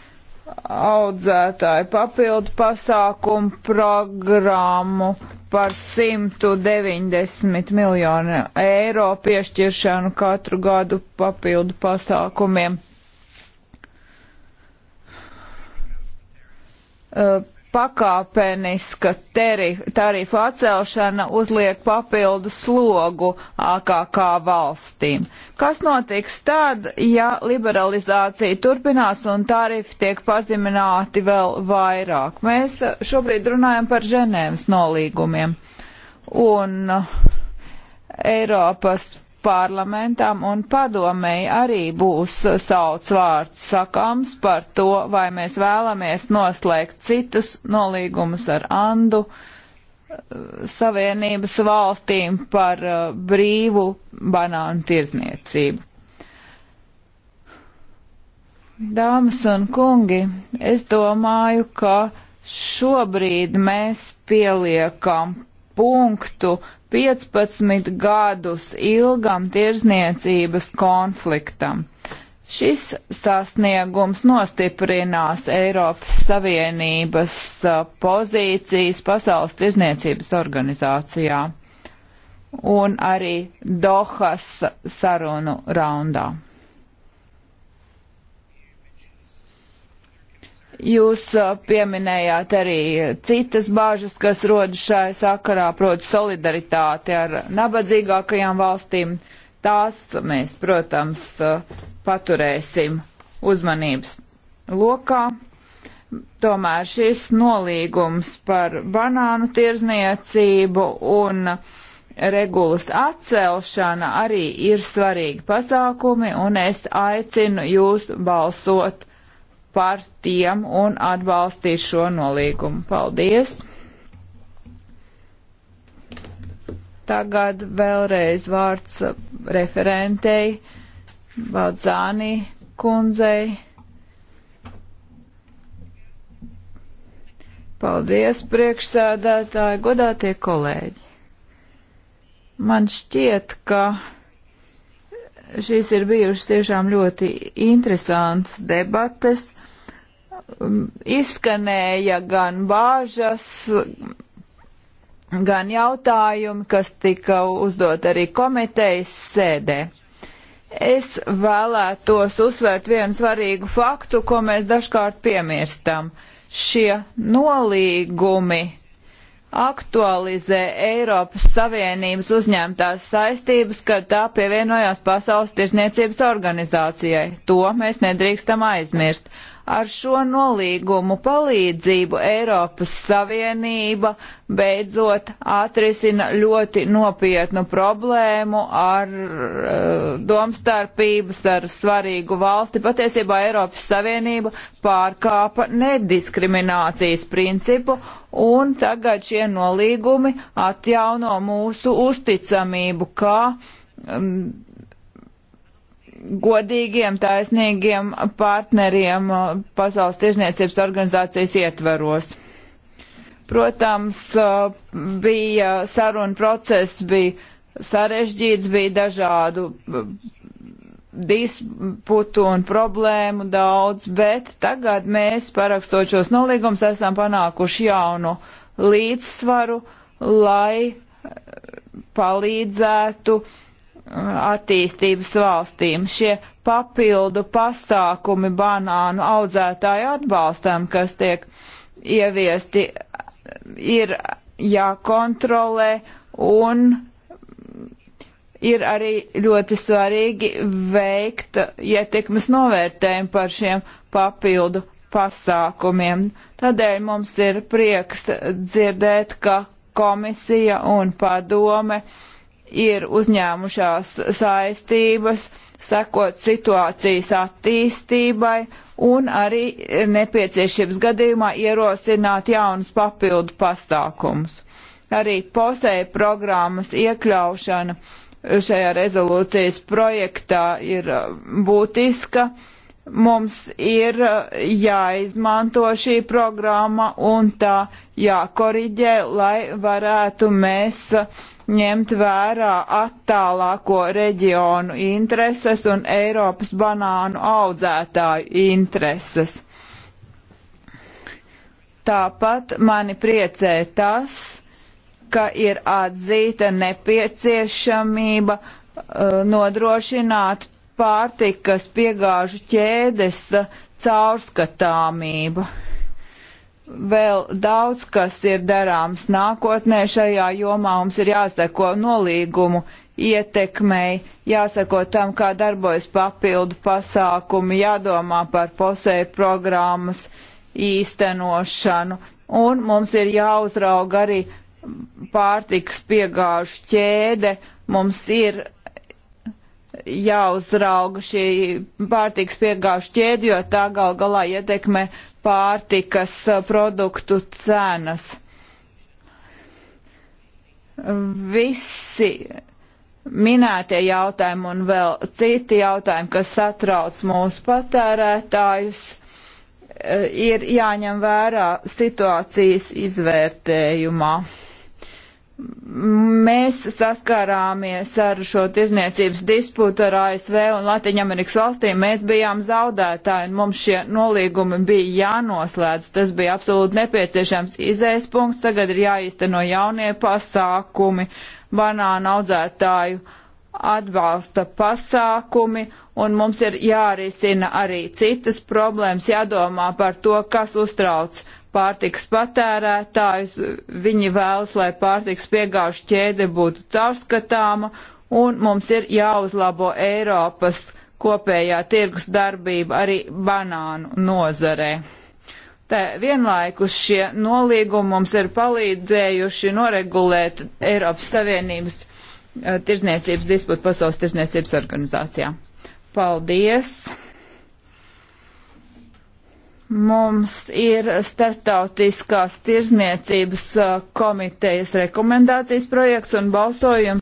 audzētāju papildu pasākumu programmu par 190 miljonu eiro piešķiršanu katru gadu papildu pasākumiem. Uh, pakāpeniska tarifu atcelšana uzliek papildu slogu AKK valstīm. Kas notiks tad, ja liberalizācija turpinās un tarifi tiek pazemināti vēl vairāk? Mēs šobrīd runājam par Ženēvas nolīgumiem. Un uh, Eiropas parlamentam un padomēji arī būs sauc vārds sakāms par to, vai mēs vēlamies noslēgt citus nolīgumus ar Andu eh, Savienības valstīm par eh, brīvu banānu tirzniecību. Dāmas un kungi, es domāju, ka šobrīd mēs pieliekam punktu 15 gadus ilgam tirzniecības konfliktam. Šis sasniegums nostiprinās Eiropas Savienības pozīcijas Pasaules tirzniecības organizācijā un arī Dohas sarunu raundā. Jūs pieminējāt arī citas bāžas, kas rodas šai sakarā, proti solidaritāti ar nabadzīgākajām valstīm. Tās mēs, protams, paturēsim uzmanības lokā. Tomēr šis nolīgums par banānu tirzniecību un regulas atcelšana arī ir svarīgi pasākumi, un es aicinu jūs balsot par tiem un atbalstīs šo nolīgumu. Paldies! Tagad vēlreiz vārds referentei Badzāni kundzei. Paldies, priekšsēdētāji, godātie kolēģi. Man šķiet, ka šīs ir bijušas tiešām ļoti interesants debates Um, izskanēja gan bāžas, gan jautājumi, kas tika uzdot arī komitejas sēdē. Es vēlētos uzsvērt vienu svarīgu faktu, ko mēs dažkārt piemirstam. Šie nolīgumi aktualizē Eiropas Savienības uzņemtās saistības, kad tā pievienojās Pasaules tirsniecības organizācijai. To mēs nedrīkstam aizmirst. Ar šo nolīgumu palīdzību Eiropas Savienība beidzot atrisina ļoti nopietnu problēmu ar uh, domstarpības ar svarīgu valsti. Patiesībā Eiropas Savienība pārkāpa nediskriminācijas principu un tagad šie nolīgumi atjauno mūsu uzticamību, kā um, godīgiem, taisnīgiem partneriem uh, Pasaules tirzniecības organizācijas ietvaros. Protams, uh, bija saruna process, bija sarežģīts, bija dažādu uh, disputu un problēmu daudz, bet tagad mēs, parakstot šos nolīgumus, esam panākuši jaunu līdzsvaru, lai palīdzētu uh, attīstības valstīm. Šie papildu pasākumi banānu audzētāju atbalstam, kas tiek ieviesti, ir jākontrolē un ir arī ļoti svarīgi veikt ietekmes novērtējumu par šiem papildu pasākumiem. Tādēļ mums ir prieks dzirdēt, ka komisija un padome uh, ir uzņēmušās saistības, sekot situācijas attīstībai un arī nepieciešības gadījumā ierosināt jaunus papildu pasākumus. Arī posēja programmas iekļaušana šajā rezolūcijas projektā ir uh, būtiska. Uh, mums ir eh, jāizmanto šī programma un tā jākoriģē, lai varētu mēs eh, ņemt vērā attālāko reģionu intereses un Eiropas banānu audzētāju intereses. Tāpat mani priecē tas, ka ir atzīta nepieciešamība eh, nodrošināt pārtikas piegāžu ķēdes caurskatāmība. Vēl daudz, kas ir darāms nākotnē šajā jomā, mums ir jāseko nolīgumu ietekmei, jāseko tam, kā darbojas papildu pasākumi, jādomā par posēju programmas īstenošanu, un mums ir jāuzrauga arī pārtikas piegāžu ķēde, mums ir jāuzrauga šī pārtiks piegāžu ķēdi, jo tā gal galā ietekmē pārtikas uh, produktu cenas. Visi minētie jautājumi un vēl citi jautājumi, kas satrauc mūsu patērētājus, uh, ir jāņem vērā situācijas izvērtējumā mēs saskārāmies ar šo tirzniecības disputu ar ASV un Latviju-Amerikas valstīm, mēs bijām zaudētāji un mums šie nolīgumi bija jānoslēdz. Tas bija absolūti nepieciešams izējas punkts, tagad ir jāīsteno jaunie pasākumi, banāna audzētāju atbalsta pasākumi un mums ir jārisina arī citas problēmas, jādomā par to, kas uztrauc uh, pārtiks patērētājus, viņi vēlas, lai pārtiks piegāžu ķēde būtu caurskatāma, un mums ir jāuzlabo Eiropas kopējā tirgus darbība arī banānu nozarē. Tā vienlaikus šie nolīgumi mums ir palīdzējuši noregulēt Eiropas Savienības eh, tirzniecības disputu pasaules tirzniecības organizācijā. Paldies! Mums ir starptautiskās tirzniecības komitejas rekomendācijas projekts un balsojums.